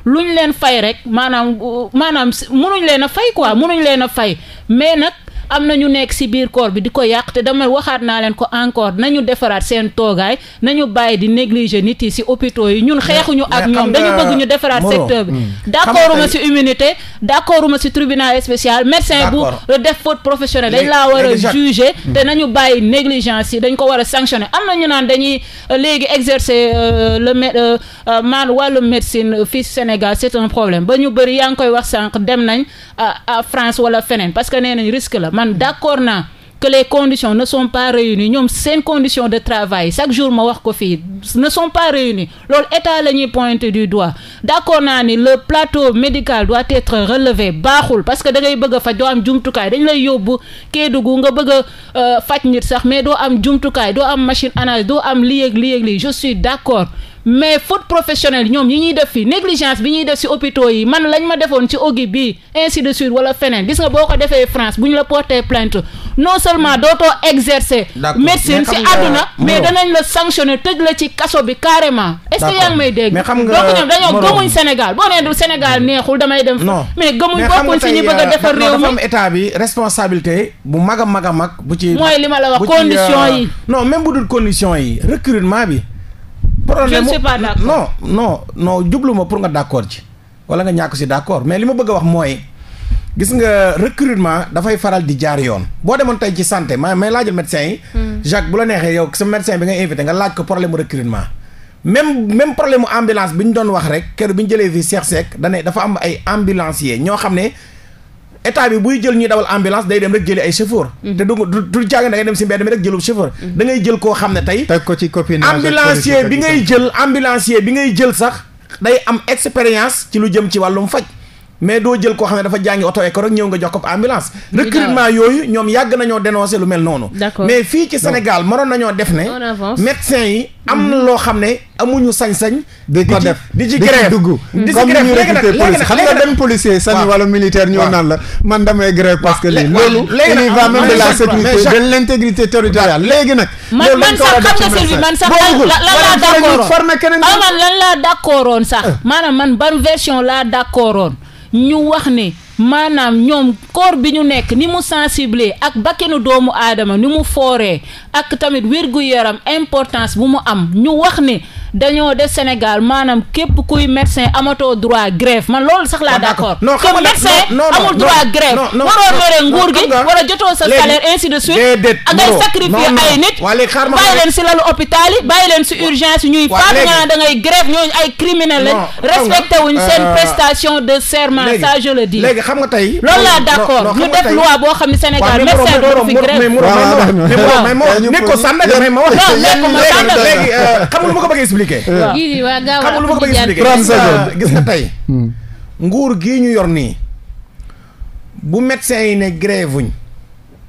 lu ñu leen fay rek maanaam euh, maanaam mënuñ leen a fay quoi mënuñ leen a fay mais nag am na ñu nekk si biir corps bi di ko yàq te dama waxaat naa leen ko encore nañu defaraat seen toogaay nañu bàyyi di négliger nit yi si hôpitaux yi ñun xeexuñu ak ñoom dañu bëgg ñu defaraat secteur bi hmm. d'accord ma si immunité d'accord ma si tribunal spécial médecin bu def faute professionnelle dañ laa war a juger hmm. te nañu bàyyi négligence yi dañ ko war a sanctionner am na ñu naan dañuy euh, léegi exercer euh, le euh, man wàllu médecine fii Sénégal c'est un problème ba ñu bëri yaa ngi koy wax sànq dem nañ à France wala feneen parce que nee nañ risque la man d'accord naa que les conditions ne son pas réunies ñoom seen conditions de travail chaque jour ma wax ko fii ne sont pas réunies loolu état la ñuy pointer du doigt d'accord naa ni le plateau médical doit être relevé baaxul parce que da ngay bëgg a faj doo am jumtukaay dañ lay nga bëgg a euh, faj nit sax mais doo am jumtukaay doo am machine analyse doo am lii ak lii ak lii je suis d'accord mais faute professionnelle ñoom yi ñuy def fii négligence bi ñuy def ci opito yi man lañ ma defoon ci ogi bi ainsi de suite wala feneen gis nga boo ko defee France bu ñu la porter plainte non seulement dootoo exercer médecine ci àdduna mais danañ la sanctionner tëj la ci kaso bi carrément est may dégg donc ñoom dañoo gëmuñ Sénégal boo nee du Sénégal mm. neexul damay dem mais gëmuñ bokkuñ ci ñi bëgg a euh, defar réew mi dafa am état bi responsabilité bu mag a mag a mag bu ci mooy li ma la wax condition euh, yi non même bu dul yi recrutement bi je ne suis pas d' accord non non non jublu ma pour nga d' accord ci wala nga ñàkk si d' accord mais li ma bëgg a wax mooy gis nga recrutement dafay faral di jaar yoon boo demoon tey ci santé ma may laajal médecin yi. Hmm. Jacques bu la neexee yow sa médecin bi nga invité nga laaj ko problème mu recrutement. même même problème mu bi ñu doon wax rek kër bi ñu jëlee fii Cheikh Seck da dafa am ay ambulanciers ñoo xam ne état bi buy jël ñuy dawal ambulance day dem rek jëli ay chauffeur mhm. te du du jàng da ngay dem si mbedd mi rek jëlub chauffeur mhm. da ngay jël koo xam ne tey teg ko ci copinage ambulancier bi ngay jël ambulancier bi ngay jël sax day am expérience ci lu jëm ci wàllum faj mais doo jël koo xam ne dafa jàngi auto école rek ñëw nga jox ko ambulance recrutement yooyu ñoom yàgg nañoo dénoncé lu mel noonu mais fii ci Sénégal maroon nañoo def ne médecin yi am na mm-hmm. loo xam ne amuñu sañ-sañ di ko def di ci grève dugg di ci grève léegi nag xam nga benn policier sani wala militaire ñëw naan la man damay grève parce que lii loolu il y la sécurité de l'intégrité territoriale léegi nag man man sax xam nga Sylvie man sax lan laa d'accord forme keneen ah, man lan laa d'accordoon sax ah. maanaam ñu wax ne maanaam ñoom corps bi ñu nekk ni mu sensible ak bakkenu doomu aadama ni mu fooree ak tamit wér yaram importance bu mu am ñu wax ne dañoo def Sénégal maanaam képp kuy médecin amatoo droit grève man loolu sax laa d' accord que médecin amul droit grève waroo yore nguur gi war a joto sa salaire ainsi de suite ak ngay sacrifier ay nit bàyyi leen si lalu hôpital yi bàyyi leen si urgence ñuy faatu nga naan da ngay grève ñooñu ay criminel lañ respecté wuñ seen euh, prestation de serment ça je léegi xam nga tey loolu laa d' accord ñu def loi boo xam ne Sénégal médecin dooru fi grève ko sànn euh, ma expliqué. waaw yii waa gaaw a am di jàpp xam nga gis nga tey. Hmm. nguur gi ñu yor nii bu médecin yi ne grève wuñ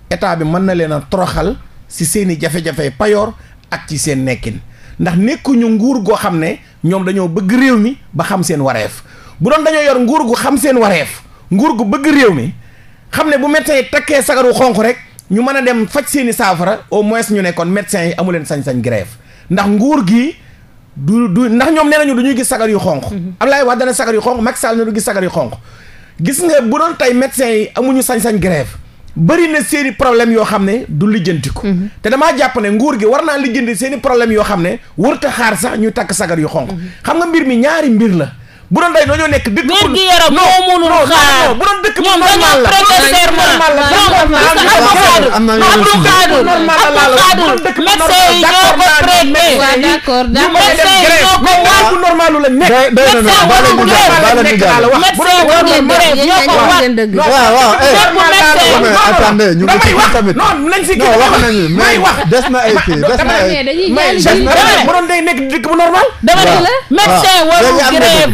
état bi mën na leen a toroxal si seeni i jafe-jafe payoor ak ci seen nekkin ndax nekkuñu nguur goo xam ne ñoom dañoo bëgg réew mi ba xam seen wareef bu doon dañoo yor nguur gu xam seen wareef nguur gu bëgg réew mi xam ne bu médecin yi takkee sagaru xonq rek ñu mën a dem faj seeni saafara au moins ñu ne kon médecin yi amu leen sañ-sañ grève ndax nguur gi du du ndax ñoom nee nañu du ñuy gis sagar yu xonq mhm. Abdoulaye wax dana sagar yu xonq Macky Sall ne du gis sagar yu xonq gis nga bu doon tey médecins yi amuñu sañ-sañ grève bëri na seen problème yoo xam ne du lijjanti ko mhm. te damaa jàpp ne nguur gi war naa lijjanti seeni i problème yoo xam ne warut a xaar sax ñu takk sagar yu xonq mhm. xam nga mbir mi ñaari mbir la bu doon day dañoo nekk dëkk. wér gi yaram moo munul xaar bu doon dëkk bu normal la normal la am na yoonu si biir normal la la la bu doon dëkk bu normal la d'accord naa ne médecin yi ñoo ko war bu normal la nekk. day day na baale ñu jàll baale ñu jàll wax bu doon war normal ñoo ko war waaw waaw eh attendez ñu ngi ci tamit non nañ si non wax nañu mais des na ay kii des na ay mais bu doon day nekk dëkk bu normal dama la médecin warul grève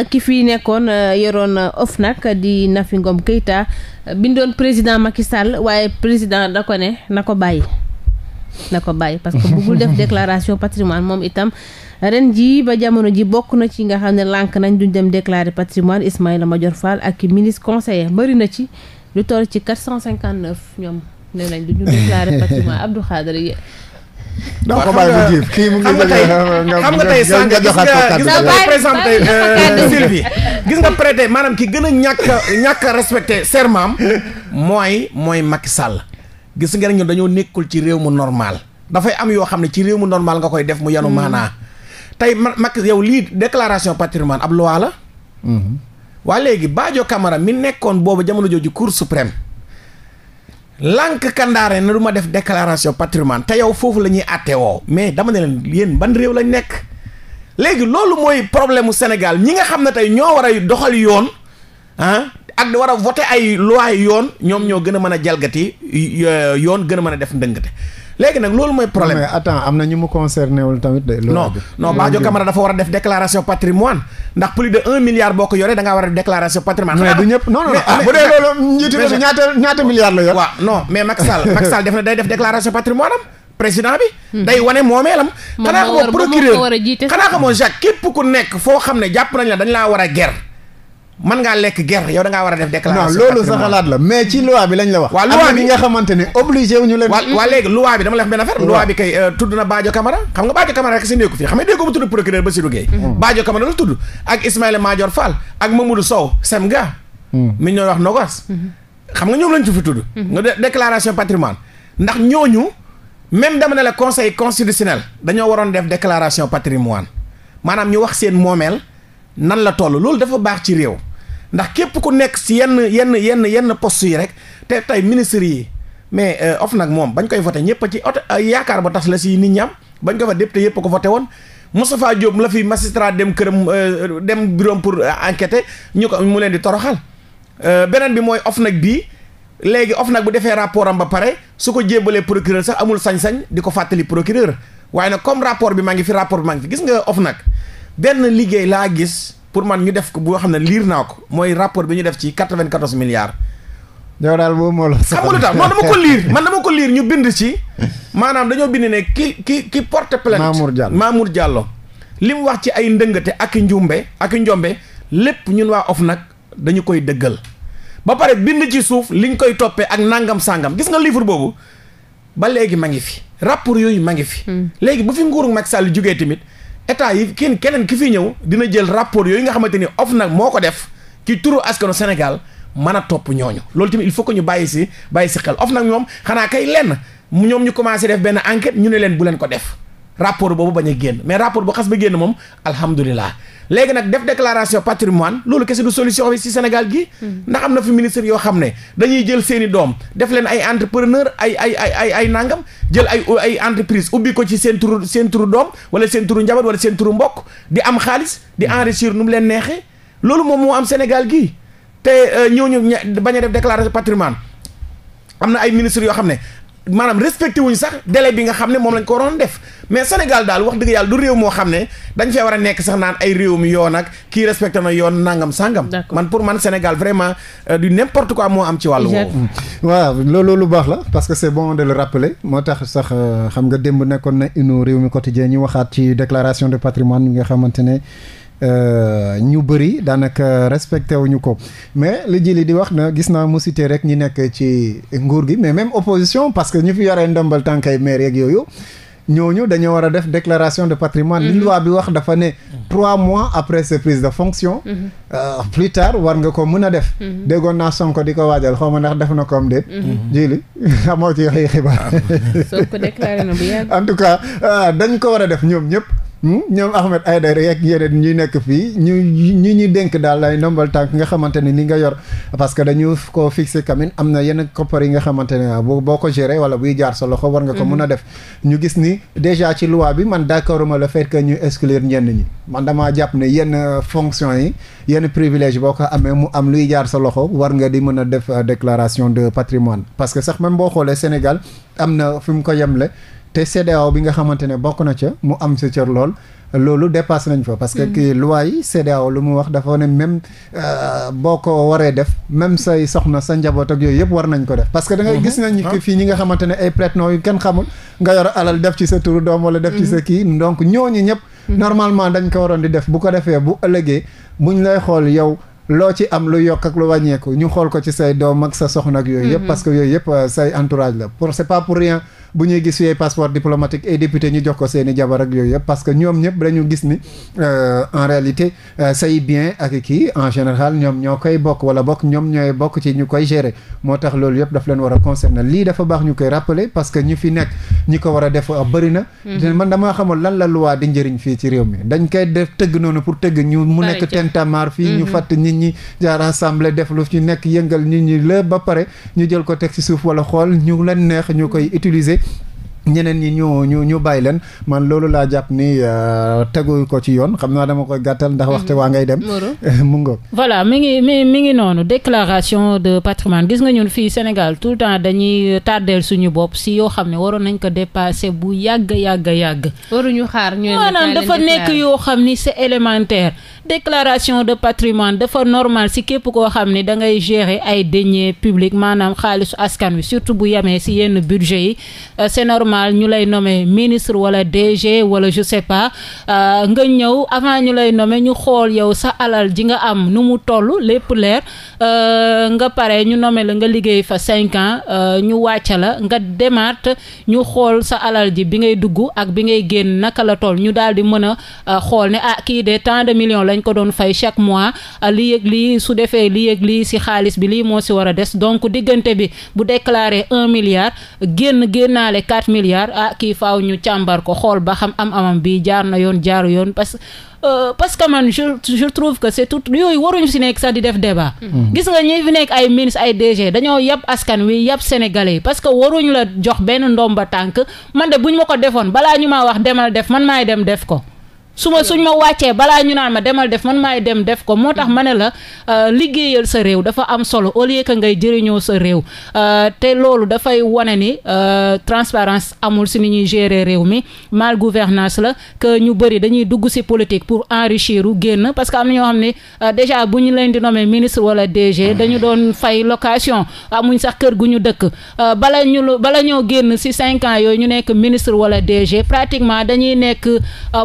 ak ki fi nekkoon euh, yoroon euh, nag di Nafi ngoom Keïta euh, bindoon président Macky Sall waaye président da ko ne na ko bàyyi na ko bàyyi parce que bëggul def déclaration patrimoine moom itam ren ji ba jamono ji bokk na ci nga xam ne lànk nañ duñ dem déclarer patrimoine Ismaïla Madior Fall ak ministre conseiller bëri na ci lu toll ci 459 ñoom nee nañ duñu déclarer patrimoine Abdou Khadre waaw xam nga xam nga tey sànq gis nga gis nga présenté euh, Sylvie gis nga prêté maanaam ki gën a ñàkk ñàkk a respecté serment mooy mooy Macky gis nga ñun dañoo nekkul ci réew mu normal dafay am yoo xam ne ci réew mu normal nga koy def mu yanu mm-hmm. maanaa tey Macky yow lii déclaration patrimoine ab loi la mm-hmm. waa léegi Badio kamara mi nekkoon boobu jamono jooju Cour suprême lànk kandaare na du ma def déclaration patrimoine te yow foofu la ñuy àtteewoo mais dama ne leen yéen ban réew lañ nekk léegi loolu mooy problème mu Sénégal ñi nga xam ne tey ñoo war a doxal yoon ah ak war a voter ay loi yoon ñoom ñoo gën a mën a jalgati yoon gën a mën a def ndëngate léegi nag loolu mooy problème. mais am na ñu mu concerné wul tamit de. non non Badio Camara dafa war a def déclaration patrimoine ndax plus de un milliard boo ko yoree war a def déclaration patrimoine. mais du ñëpp non non ah, bu dee loolu njiitu def na day def déclaration patrimoine am. président bi hmm. day wane moomeelam xanaa xamoo procureur xanaa xamoo Jacques képp ku nekk foo xam ne jàpp nañ la dañ laa war a ger man ngaa lekk gerte yow da ngaa war a def déclaration. non la mais ci loi bi lañ la wax. waaw loi bi nga ne obligé wu ñu leen. waaw waaw léegi loi bi dama la wax benn affaire. loi bi kay euh, tudd na Badio Camara xam nga Badio Camara rek si nekku fii xam nga dégg mm-hmm. ak Ismaïla Madior Fall ak Mamadou Sow Semga. Mm-hmm. mi ñooy wax Nogos. Mm-hmm. xam nga ñoom lañ ci fi tudd. nga déclaration patrimoine ndax ñooñu même dama ne la conseil constitutionnel dañoo waroon def déclaration patrimoine maanaam ñu wax seen moomeel nan la toll loolu dafa baax ci réew ndax képp ku nekk si yenn yenn yenn yenn poste yi rek te tey ministre yi mais euh, of nag moom bañ koy voté ñëpp a ci oto yaakaar ba tas la si nit ñi am bañ ko fa député yëpp a ko voté woon Moustapha Diop la fi magistrat dem këram euh, dem bureau pour euh, enquêter ñu ko mu leen di toroxal beneen bi mooy of nag bii léegi of nag bu defee rapport am ba pare su ko jébalee procureur sax amul sañ-sañ di ko fàttali procureur waaye nag comme rapport bi maa ngi fi rapport bi maa ngi fi gis nga of nag benn liggéey laa gis pour man ñu def ko boo xam ne liir naa ko mooy rapport bi ñu def ci quatre-vingt-quatorze milliards. yow daal moom moo la. xam nga man dama ko liir man dama ko liir ñu bind ci maanaam dañoo bind ne ki ki ki porte plainte. Mamour Diallo Mamour li mu wax ci ay ndëngate ak i njumbe ak njombe lépp ñun waa OFNAC dañu koy dëggal ba pare bind ci suuf liñ koy toppe ak nangam sangam gis nga livre boobu ba léegi ma ngi fi rapport yooyu ma ngi fi. Hmm. léegi bu fi nguuru Macky Sall jugee tamit. état yi kenn keneen ki fi ñëw dina jël rapport yooyu nga xamante ni nag moo ko def ci turu askanu Sénégal mën a topp ñooñu loolu tamit il faut ñu bàyyi si bàyyi si xel nag ñoom xanaa kay lenn ñoom ñu commencé def benn enquête ñu ne leen bu leen ko def rapport boobu bañ a génn mais rapport bu xas ba génn moom alhamdulilah léegi nag def déclaration patrimoine loolu kese du solution bi si Sénégal gi hmm. ndax am na fi ministre yoo xam ne dañuy jël seeni doom def leen ay entrepreneur ay ay ay ay nangam jël ay ay entreprise ubbi ko ci seen turu seen turu doom wala seen turu njaboot wala seen turu mbokk di am xaalis di hmm. enrichir nu mu leen neexee loolu moom moo am Sénégal gi te ñëw euh, ñooñu bañ a def déclaration patrimoine am na ay ministres yoo xam ne maanaam respecté wuñ sax délai bi nga xam ne moom lañ ko waroon def mais Sénégal daal wax dëgg yàlla du réew moo xam ne dañ fee war a nekk sax naan ay réew mi yoon ak kii respecté na yoon nangam sangam. man pour man Sénégal vraiment euh, du n'importe quoi moo am ci wàllu woowu. Mm. waaw loolu lu baax la parce que c'est bon de le rappeler moo tax sax euh, xam nga démb nekkoon na inu réew mi quotidien ñu waxaat ci déclaration de patrimoine yi nga xamante ne. Euh, ñu bëri daanaka respecté wuñu ko mais li ji li di wax na gis naa mu rek ñi nekk ci nguur gi mais même opposition parce que ñu fi yoree ndombal tànkay maire yeeg yooyu ñooñu dañoo war a def déclaration de patrimoine li mm-hmm. loi bi wax dafa ne trois mois après sa prise de fonction mm-hmm. euh, plus tard war nga ko mën a def mm-hmm. déggoon naa Sonko di ko waajal xaw ma ndax def na comme déet ji li xamoo ci yoxi xibaar en tout cas euh, dañ ko war a def ñoom ñëpp Hmm? ñoom Ahmed Aïdara yeeg yeneen ñuy nekk fii ñu ñu ñuy denk daal ay ndombal tànk nga xamante ni li nga yor parce que dañu ko fixé quand am na yenn koppar yi nga xamante ne boo boo ko géré wala buy jaar sa loxo war nga ko hmm. mun a def ñu gis ni déjà ci loi bi man d'accord ma le fait ñu exclure ñenn ñi man jàpp ne yenn fonction yi yenn privilège boo ko amee mu am luy jaar sa loxo war nga di mën a def euh, déclaration de patrimoine parce que sax man boo xoolee Sénégal am na fi mu ko yemle te CEDEAO bi nga xamante ne bokk na ca mu am sa cër lool loolu dépasse nañ fa parce que mm. kii loi yi CEDEAO lu mu wax dafa ne même euh, boo ko waree def même say soxna sa njaboot ak yooyu yëpp war nañ ko def parce que da ngay mm-hmm. gis nañ ah. fii ñi nga xamante ne ay prête-noms yu kenn xamul nga yor alal def ci sa turu doom wala def ci mm-hmm. sa kii donc ñooñu ñëpp mm-hmm. normalement dañ ko waroon di def bu ko defee bu ëllëgee buñ lay xool yow loo ci am lu yokk ak lu wàññeeku ñu xool ko ci say doom ak sa soxna yooyu yëpp parce que yooyu yëpp euh, say entourage bu ñuy gis yooyu passeport diplomatique et député ñu jox ko seeni i jabar ak yooyu yëpp parce que ñoom ñëpp dañu gis ni euh, en réalité euh, say bien ak kii en général ñoom ñoo koy bokk wala bokk ñoom ñooy bokk ci ñu koy gérer moo tax loolu yëpp daf leen war a concerner lii dafa baax ñu koy rappeler parce que ñu fi nekk ñi ko war a def euh, bëri na. Mhm. man damaa xamul lan la loi di njëriñ fii ci réew mi dañ koy def tëgg noonu pour tëgg ñu mu nekk tentamar fii ñu mhm. fàtt nit ñi jaar assemblée def lu ci nekk yëngal nit ñi la ba pare ñu jël ko teg ci suuf wala xool ñu leen neex ñu koy utiliser ñeneen ñi ñu ñu ñu bàyyi leen man loolu laa jàpp ni euh, tegu ko ci yoon xam naa dama koy gàttal ndax wax waxte mhm. waa ngay dem mu ngoog voilà mi ngi mi mi ngi noonu déclaration de patrimoine gis nga ñun fii Sénégal tout le temps dañuy tardeel suñu bopp si yoo xam ne waroon nañ ko dépasser bu yàgg yàgg yàgg waruñu xaar ñu maanaam dafa nekk yoo xam ni c'est élémentaire déclaration de patrimoine dafa normal si képp koo xam ni da ngay gérer ay deniers publics maanaam xaalisu askan wi surtout bu yemee si yenn budget yi euh, c'est normal ñu lay nome ministre wala DG wala je sais pas euh, nga ñëw avant ñu lay nommer ñu xool yow sa alal ji nga am nu mu toll lépp leer euh, nga pare ñu nome la nga liggéey fa cinq ans ñu wàcc la nga demaat ñu xool sa alal ji bi ngay dugg ak bi ngay génn naka la toll ñu daal di mën xool ne ah kii de tant ñu ko doon fay chaque mois ah, li yëg lii su defee li yëg lii si xaalis bi lii moo si war a des donc diggante bi bu déclaré un milliard génn génnaale quatre milliards ah kii faaw ñu càmbar ko xool ba xam am amam bi jaar na yoon jaar yoon parce Euh, parce que man je je trouve que c'est tout yooyu waruñu si nekk sax di def débat. Mm-hmm. gis nga ñi fi nekk ay ministre ay DG dañoo yab askan wi yab sénégalais yi parce que waruñu la jox benn ndomba tànk man de bu ñu ma ko defoon balaa ñu maa wax demal def man maay dem def ko. su ma suñ ma wàccee balaa ñu naan ma demal def man maay dem def ko moo tax ma ne la euh, liggéeyal sa réew dafa am solo au lieu que ngay jëriñoo sa réew euh, te loolu dafay wane ni euh, transparence amul si nu ñuy gérer réew mi mal gouvernance la que ñu bëri dañuy dugg si politique pour enrichir u génn parce que am ñoo xam ne déjà bu ñu leen di ministre wala DG dañu doon fay location amuñ sax kër gu ñu dëkk bala ñu bala ñoo génn si cinq yooyu ñu nekk ministre wala DG pratiquement dañuy nekk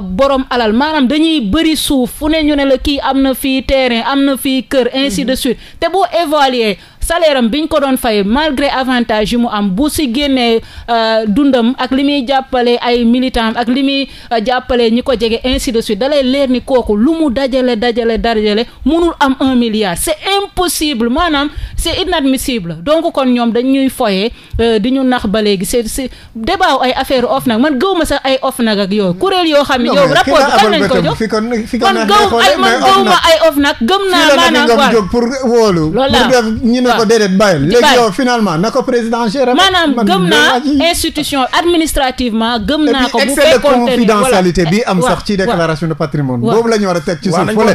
borom alal maanaam dañuy bëri suuf fu ne ñu ne la kii am na fii terrain am na fii kër ainsi de suite te boo évaluer salaire am ñu ko doon fay malgré avantage yi mu am bu si génnee euh, dundam ak li muy jàppale ay militant ak li muy euh, jàppale ñi ko jege ainsi de suite dalay leer ni kooku lu mu dajale dajale dajale munul am un milliard c'est impossible maanaam c'est missible donc kon ñoom dañuy foye euh, di ñu nax ba léegi c'est c'est débat ay affaire OFNAC man gëw ma sax ay OFNAC ak yooyu kuréel yoo xam ne yow rapport bi kan lañ ko jox man gëw ma ay OFNAC gëm naa maanaam waaw loolu la ko déedéet bàyyil léegi yow finalement na ko président gérer maanaam eh, boobu la war a teg ci suuf fële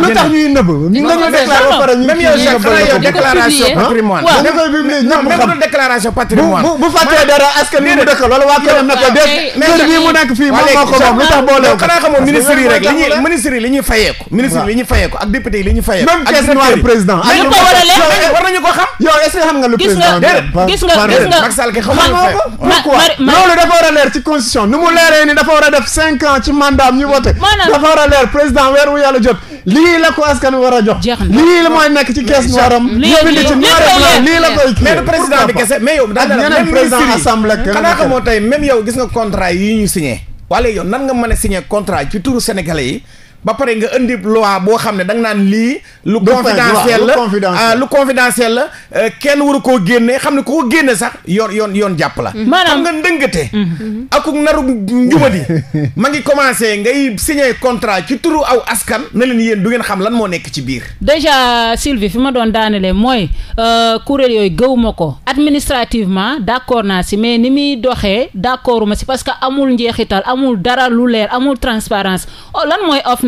lu tax ñuy nëbb ñu nga ñu déclaré ba pare ñu même yow déclaration patrimoine dañu koy publier ñëpp déclaration patrimoine bu fàttee dara askan wi mu dëkkal wala waa këram na ko def kër bii mu nekk fii moom moo ko moom lu tax boolee ko xanaa xamoo ministre yi rek li ñuy ministre yi li ñuy fayeeku ministre yi li ñuy fayeeku ak député li ñuy fayeeku même caisse noire président ñu ko xam. yow est-ce que xam nga le président. gis nga gis nga Macky Sall ki xamoo ko. pourquoi loolu dafa war a leer ci constitution ni mu leeree ni dafa war a def cinq ans ci mandat ñu voté. dafa war a leer président weer wu yàlla jot. lii la ko askan war a jox. lii la mooy nekk ci kees waram. lii lii la koy kii mais président bi kese mais yow. daanaka même président assemblée xanaa xamoo tey même yow gis nga contrat yi ñu signé. wala yow nan nga mën a signé contrat ci turu sénégalais yi ba pare nga indi loi boo xam ne da nga naan lii. lu confidentiel la ah, lu confidentiel la euh, kenn waru ko génne xam ne ku ko génne sax yoon yoon yoon jàpp la. Mm-hmm. maanaam xam nga ak mm-hmm. mm-hmm. akuk naru njubadi ma ngi commencé ngay signé contrat ci turu aw askan. na leen yéen du ngeen xam lan moo nekk ci biir. déjà Sylvie fi ma doon daanelee mooy euh, kuréel yooyu gëwuma ko administrativement d'accord naa si mais ni muy doxee d'accorduma si parce que amul njeexita amul dara lu leer amul transparence oh,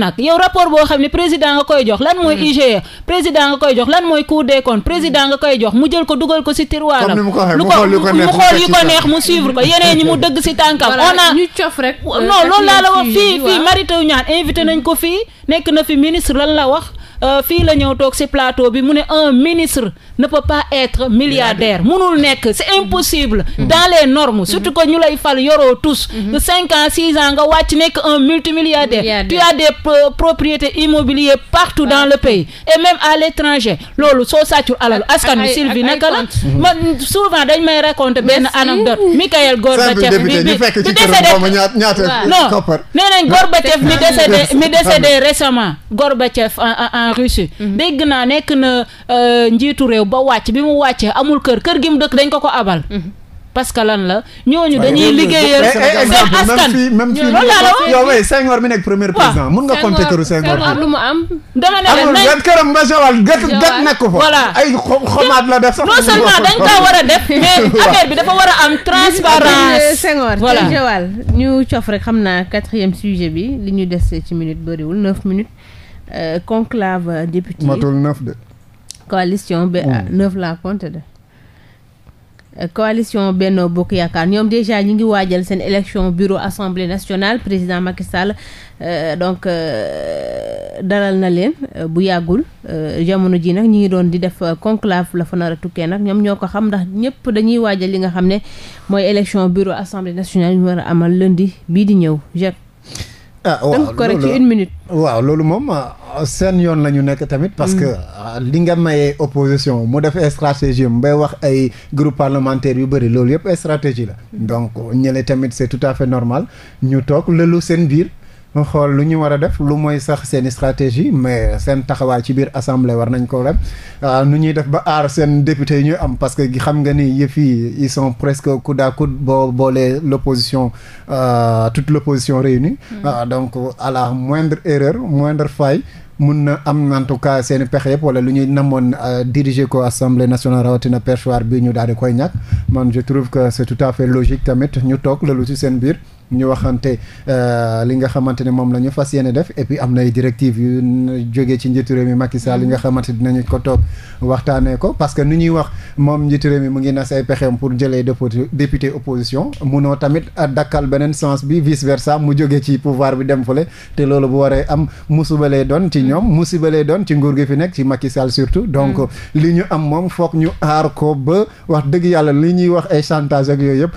nag yow rapport boo xam ne président nga koy jox lan mooy hmm. IGE président nga koy jox lan mooy cour des comptes président nga koy jox mu jël ko dugal ko ci tiroiram lu ko mu xool yu ko neex mu suivre ko yeneen ñi mu dëgg ci tànkam on a ñu cof rek non loolu laa la wax fii fii Mary Teuw Niane invité nañ ko fii nekk na fi ministre lan la wax Euh, fii la ñëw toog ci plateau bi mu ne un ministre ne peut pas être milliardaire munul nekk c'est impossible mm-hmm. Mm-hmm. dans les normes surtout que ñu lay fal yoroo tous mm-hmm. nekk un multimilliardaire tu des propriétés immobilières partout dans le pays et même à l'étranger loolu soo sàccul alalu askan wi Sylvie naka la man dañ may raconter benn anecdote Mikhail Gorbatchev bi bi décédé non nee nañ Gorbatchev mi décédé mi décédé récemment Gorbatchev en Russie mhm. dégg naa nekk na euh, njiitu réew ba wàcc bi mu wàccee amul kër kër gi mu dëkk dañ ko ko abal mhm. parce que lan la ñooñu dañuy liggéeyal seen askan même fii yow wey Senghor mi nekk premier président mun nga compter këru Senghor lu mu am dama ne la nañ këram mbasawal gët gët nekk ko voilà ay xomaat la def sax non dañ kaa war a def mais affaire bi dafa war a am transparence Senghor voilà ñu cof xam naa quatrième sujet bi li ñu des ci minute bëriwul neuf minutes Euh, conclave euh, député matul neuf de. coalition be mm. euh, neuf laa compte de. coalition Benno Bokk Yaakaar ñoom déjà ñi ngi waajal seen élection bureau assemblée nationale président Macky Sall euh, donc euh, dalal na leen bu yàggul jamono ji nag ñi ngi doon di def conclave la fa nar tukkee nag ñoom ñoo ko xam ndax ñëpp dañuy waajal li nga xam ne mooy élection bureau assemblée nationale ñu war amal lundi bii di ñëw ah waaw waaw loolu moom ah, seen yoon la nekk tamit. parce que mm. ah, li nga mayee opposition mu def stratégie mbay wax ay groupe parlementaire yu bëri loolu yëpp stratégie la. Mm. donc ñële tamit c'est tout à fait normal ñu toog lëlu seen biir. xool lu ñuy war a def lu mooy sax seen stratégie mais seen taxawaay ci biir assemblée war nañ ko rem euh, nu ñuy def ba aar seen député yi ñuy am parce que xam nga ni yëf yi ils sont presque coude à coude boo boolee l' opposition euh, toute l' opposition réunie. Mm. Euh, donc à la moindre erreur moindre faille. mun na am en tout cas seen pexe yëpp wala lu ñuy namoon euh, diriger ko assemblée nationale rawatina perchoir bi ñu daal di koy ñàkk man je trouve que c' tout à fait logique ñu toog loolu ci seen biir. ñu waxante euh, li nga xamante ne moom la ñu fas yéene def et puis am nay directives yu jógee ci njiitu réew mi Macky Sall li nga xamante dinañu ko toog waxtaanee ko parce que ni ñuy wax moom njiitu réew mi mu ngi nas ay pour jëlee député opposition munoo tamit dakkal beneen sens bi vice versa mu jógee ci pouvoir bi dem fële te loolu bu waree am musiba lay doon ci ñoom musiba lay doon ci nguur gi fi nekk ci Macky Sall surtout donc mm. li ñu am moom foog ñu aar ko ba wax dëgg yàlla li ñuy wax ay chantage ak yooyu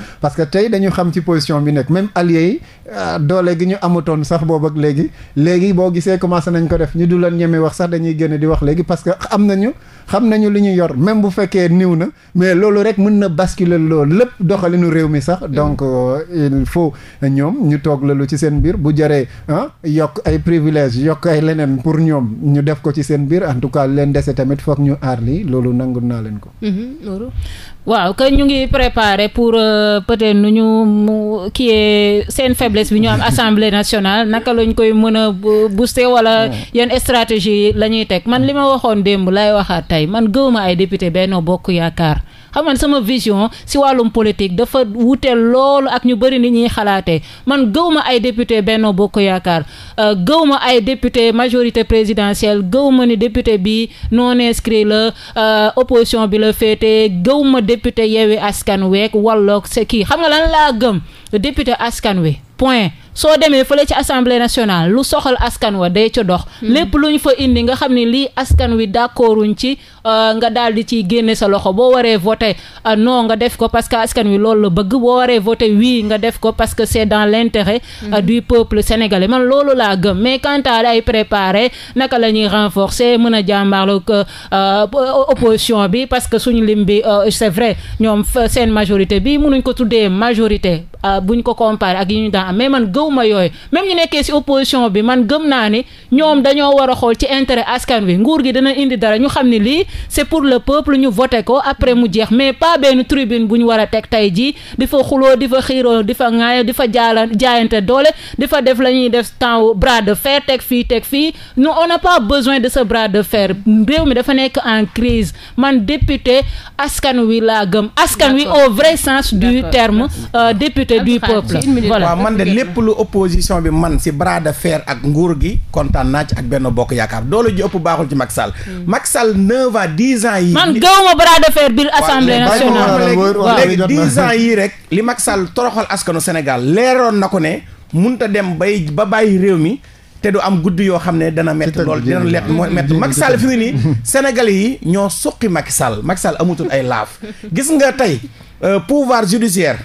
banlieue yi Ah, doole gi ñu amatoon sax boobu ak léegi léegi boo gisee commencé nañ ko def ñu du leen ñeme wax sax dañuy génn di wax léegi parce que am nañu xam nañu li ñu yor même bu fekkee niw na mais loolu rek mën na basculer loolu lépp doxalinu réew mi sax donc euh, il faut ñoom ñu toog lalu ci seen biir bu jaree ah yokk ay privilèges yokk ay leneen pour ñoom ñu def ko ci seen biir en tout cas leen dese tamit foog ñu aar lii loolu nangu naa leen ko. Mm-hmm, waaw que ñu ngi préparer faiblesse bi ñu am assemblée nationale naka lañ koy mën a booster wala yenn stratégie la ñuy teg man li ma waxoon démb lay waxaat tey man gëwuma ay député Benno Bokk Yaakaar xam nga sama vision si wàllum politique dafa wute loolu ak ñu bëri ni ñuy xalaatee man gëwuma ay député Benno Bokk Yaakaar euh, gëwuma ay député majorité présidentielle gëwuma ni député bi non inscrit la euh, opposition bi la féete gëwuma député Yewwi Askan Wi wallook Wallu kii xam nga lan laa gëm député Askan Wi point soo demee fële ci assemblée nationale lu soxal askan wa day ca dox hmm. lépp lu fa indi nga xam ne lii askan wi d'accorduñ ci euh, nga daal di ciy génne sa loxo boo waree voter euh, non nga def ko parce que askan wi loolu la bëgg boo waree voter oui nga def ko parce que c'est dans l'intérêt hmm. euh, du peuple sénégalais man loolu laa gëm mais quant ay préparer naka la ñuy renforcer mën a jàmbaarlu opposition bi parce que suñu lim bi c'est vrai ñoom seen majorité bi munuñ ko tuddee majorité Euh, buñ ko comparé ak yi ñu daan am mais man gëw ma yooyu même ñu nekkee ci opposition bi man gëm naa ni ñoom dañoo war a xool ci intérêt askan wi nguur gi dana indi dara ñu xam ne lii c'est pour le peuple ñu vote ko après mu jeex mais pas benn tribune bu ñu war a teg tey jii di fa xuloo di fa xiiroo di fa ŋaayo di fa jaala jaayante doole di fa def la ñuy def temps bras de fer teg fii teg fii no on n'a pas besoin de ce bras de fer réew mi dafa nekk en crise man député askan wi laa askan wi waaw man de lépp lu opposition bi man si bras de fer ak nguur gi kontaan naa ci ak benn bokk yaakaar doole ji ëpp baaxul ci Macky Sall hmm. Macky Sall neuf ans dix yi man gawuma bras de fer rek li Macky Sall toroxal askanu Sénégal leeroon na ko ne munta dem bay ba bàyyi réew mi te du am guddi yoo xam ne dana métti lool dina lett moo métti Macky Sall fi mu nii Sénégalais yi ñoo suqi Macky Sall Macky Sall amutul ay laaf gis nga tey euh, pouvoir judiciaire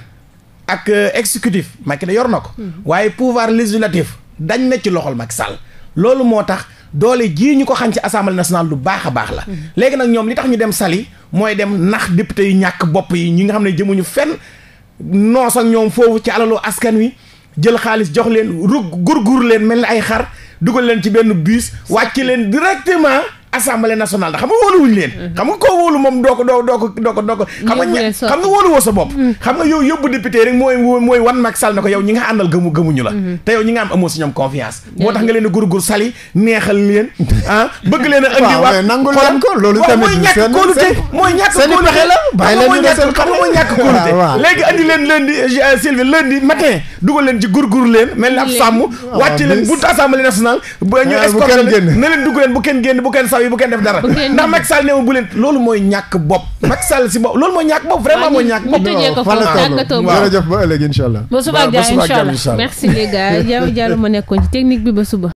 ak euh, exécutif Macky da yor na ko. Mhm. waaye pouvoir législatif dañ na ci loxol mag Sall. loolu moo tax doole jii ñu ko xañ ci assemblée nationale lu baax a baax la. Mhm. léegi nag ñoom li tax ñu dem sali mooy dem nax député yu ñàkk bopp yi ñi nga xam ne jëmuñu fenn noos ak ñoom foofu ci alalu askan wi jël xaalis jox leen rug gurgur leen mel ni ay xar dugal leen ci benn bus wàcc leen directement. assemblée nationale ndax xam nga wóoluwuñu leen. Mhm. xam nga koo wóolu moom doo ko doo doo xam nga xam nga sa bopp. xam nga yóbbu mhm. député mooy wan Macky Sall ko mhm. yow ñi nga am amoo si ñoom confiance. moo tax nga leen a gurgur sali neexal leen ah bëgg leen a. andi waat nangul leen ko loolu tamit mooy ñàkk kóolute mooy ñàkk kóolute la. bàyyi leen ñu desal xam nga mooy ñàkk kóolute léegi euh, euh, matin dugal leen ci gurgur leen mel ni ab sàmm leen buntu assemblée nationale ba ñu euh, escorté na leen dugg leen bu kenn génn bu kenn ndaw yi bu kenn def dara ndax Macky Sall ne bu leen loolu mooy ñàkk bopp Macky Sall si bopp loolu mooy ñàkk bopp vraiment mooy ñàkk bopp jërëjëf ba ëllëg incha allah ba suba ak gars incha allah merci les gars jaru ma nekkoon ci technique bi ba suba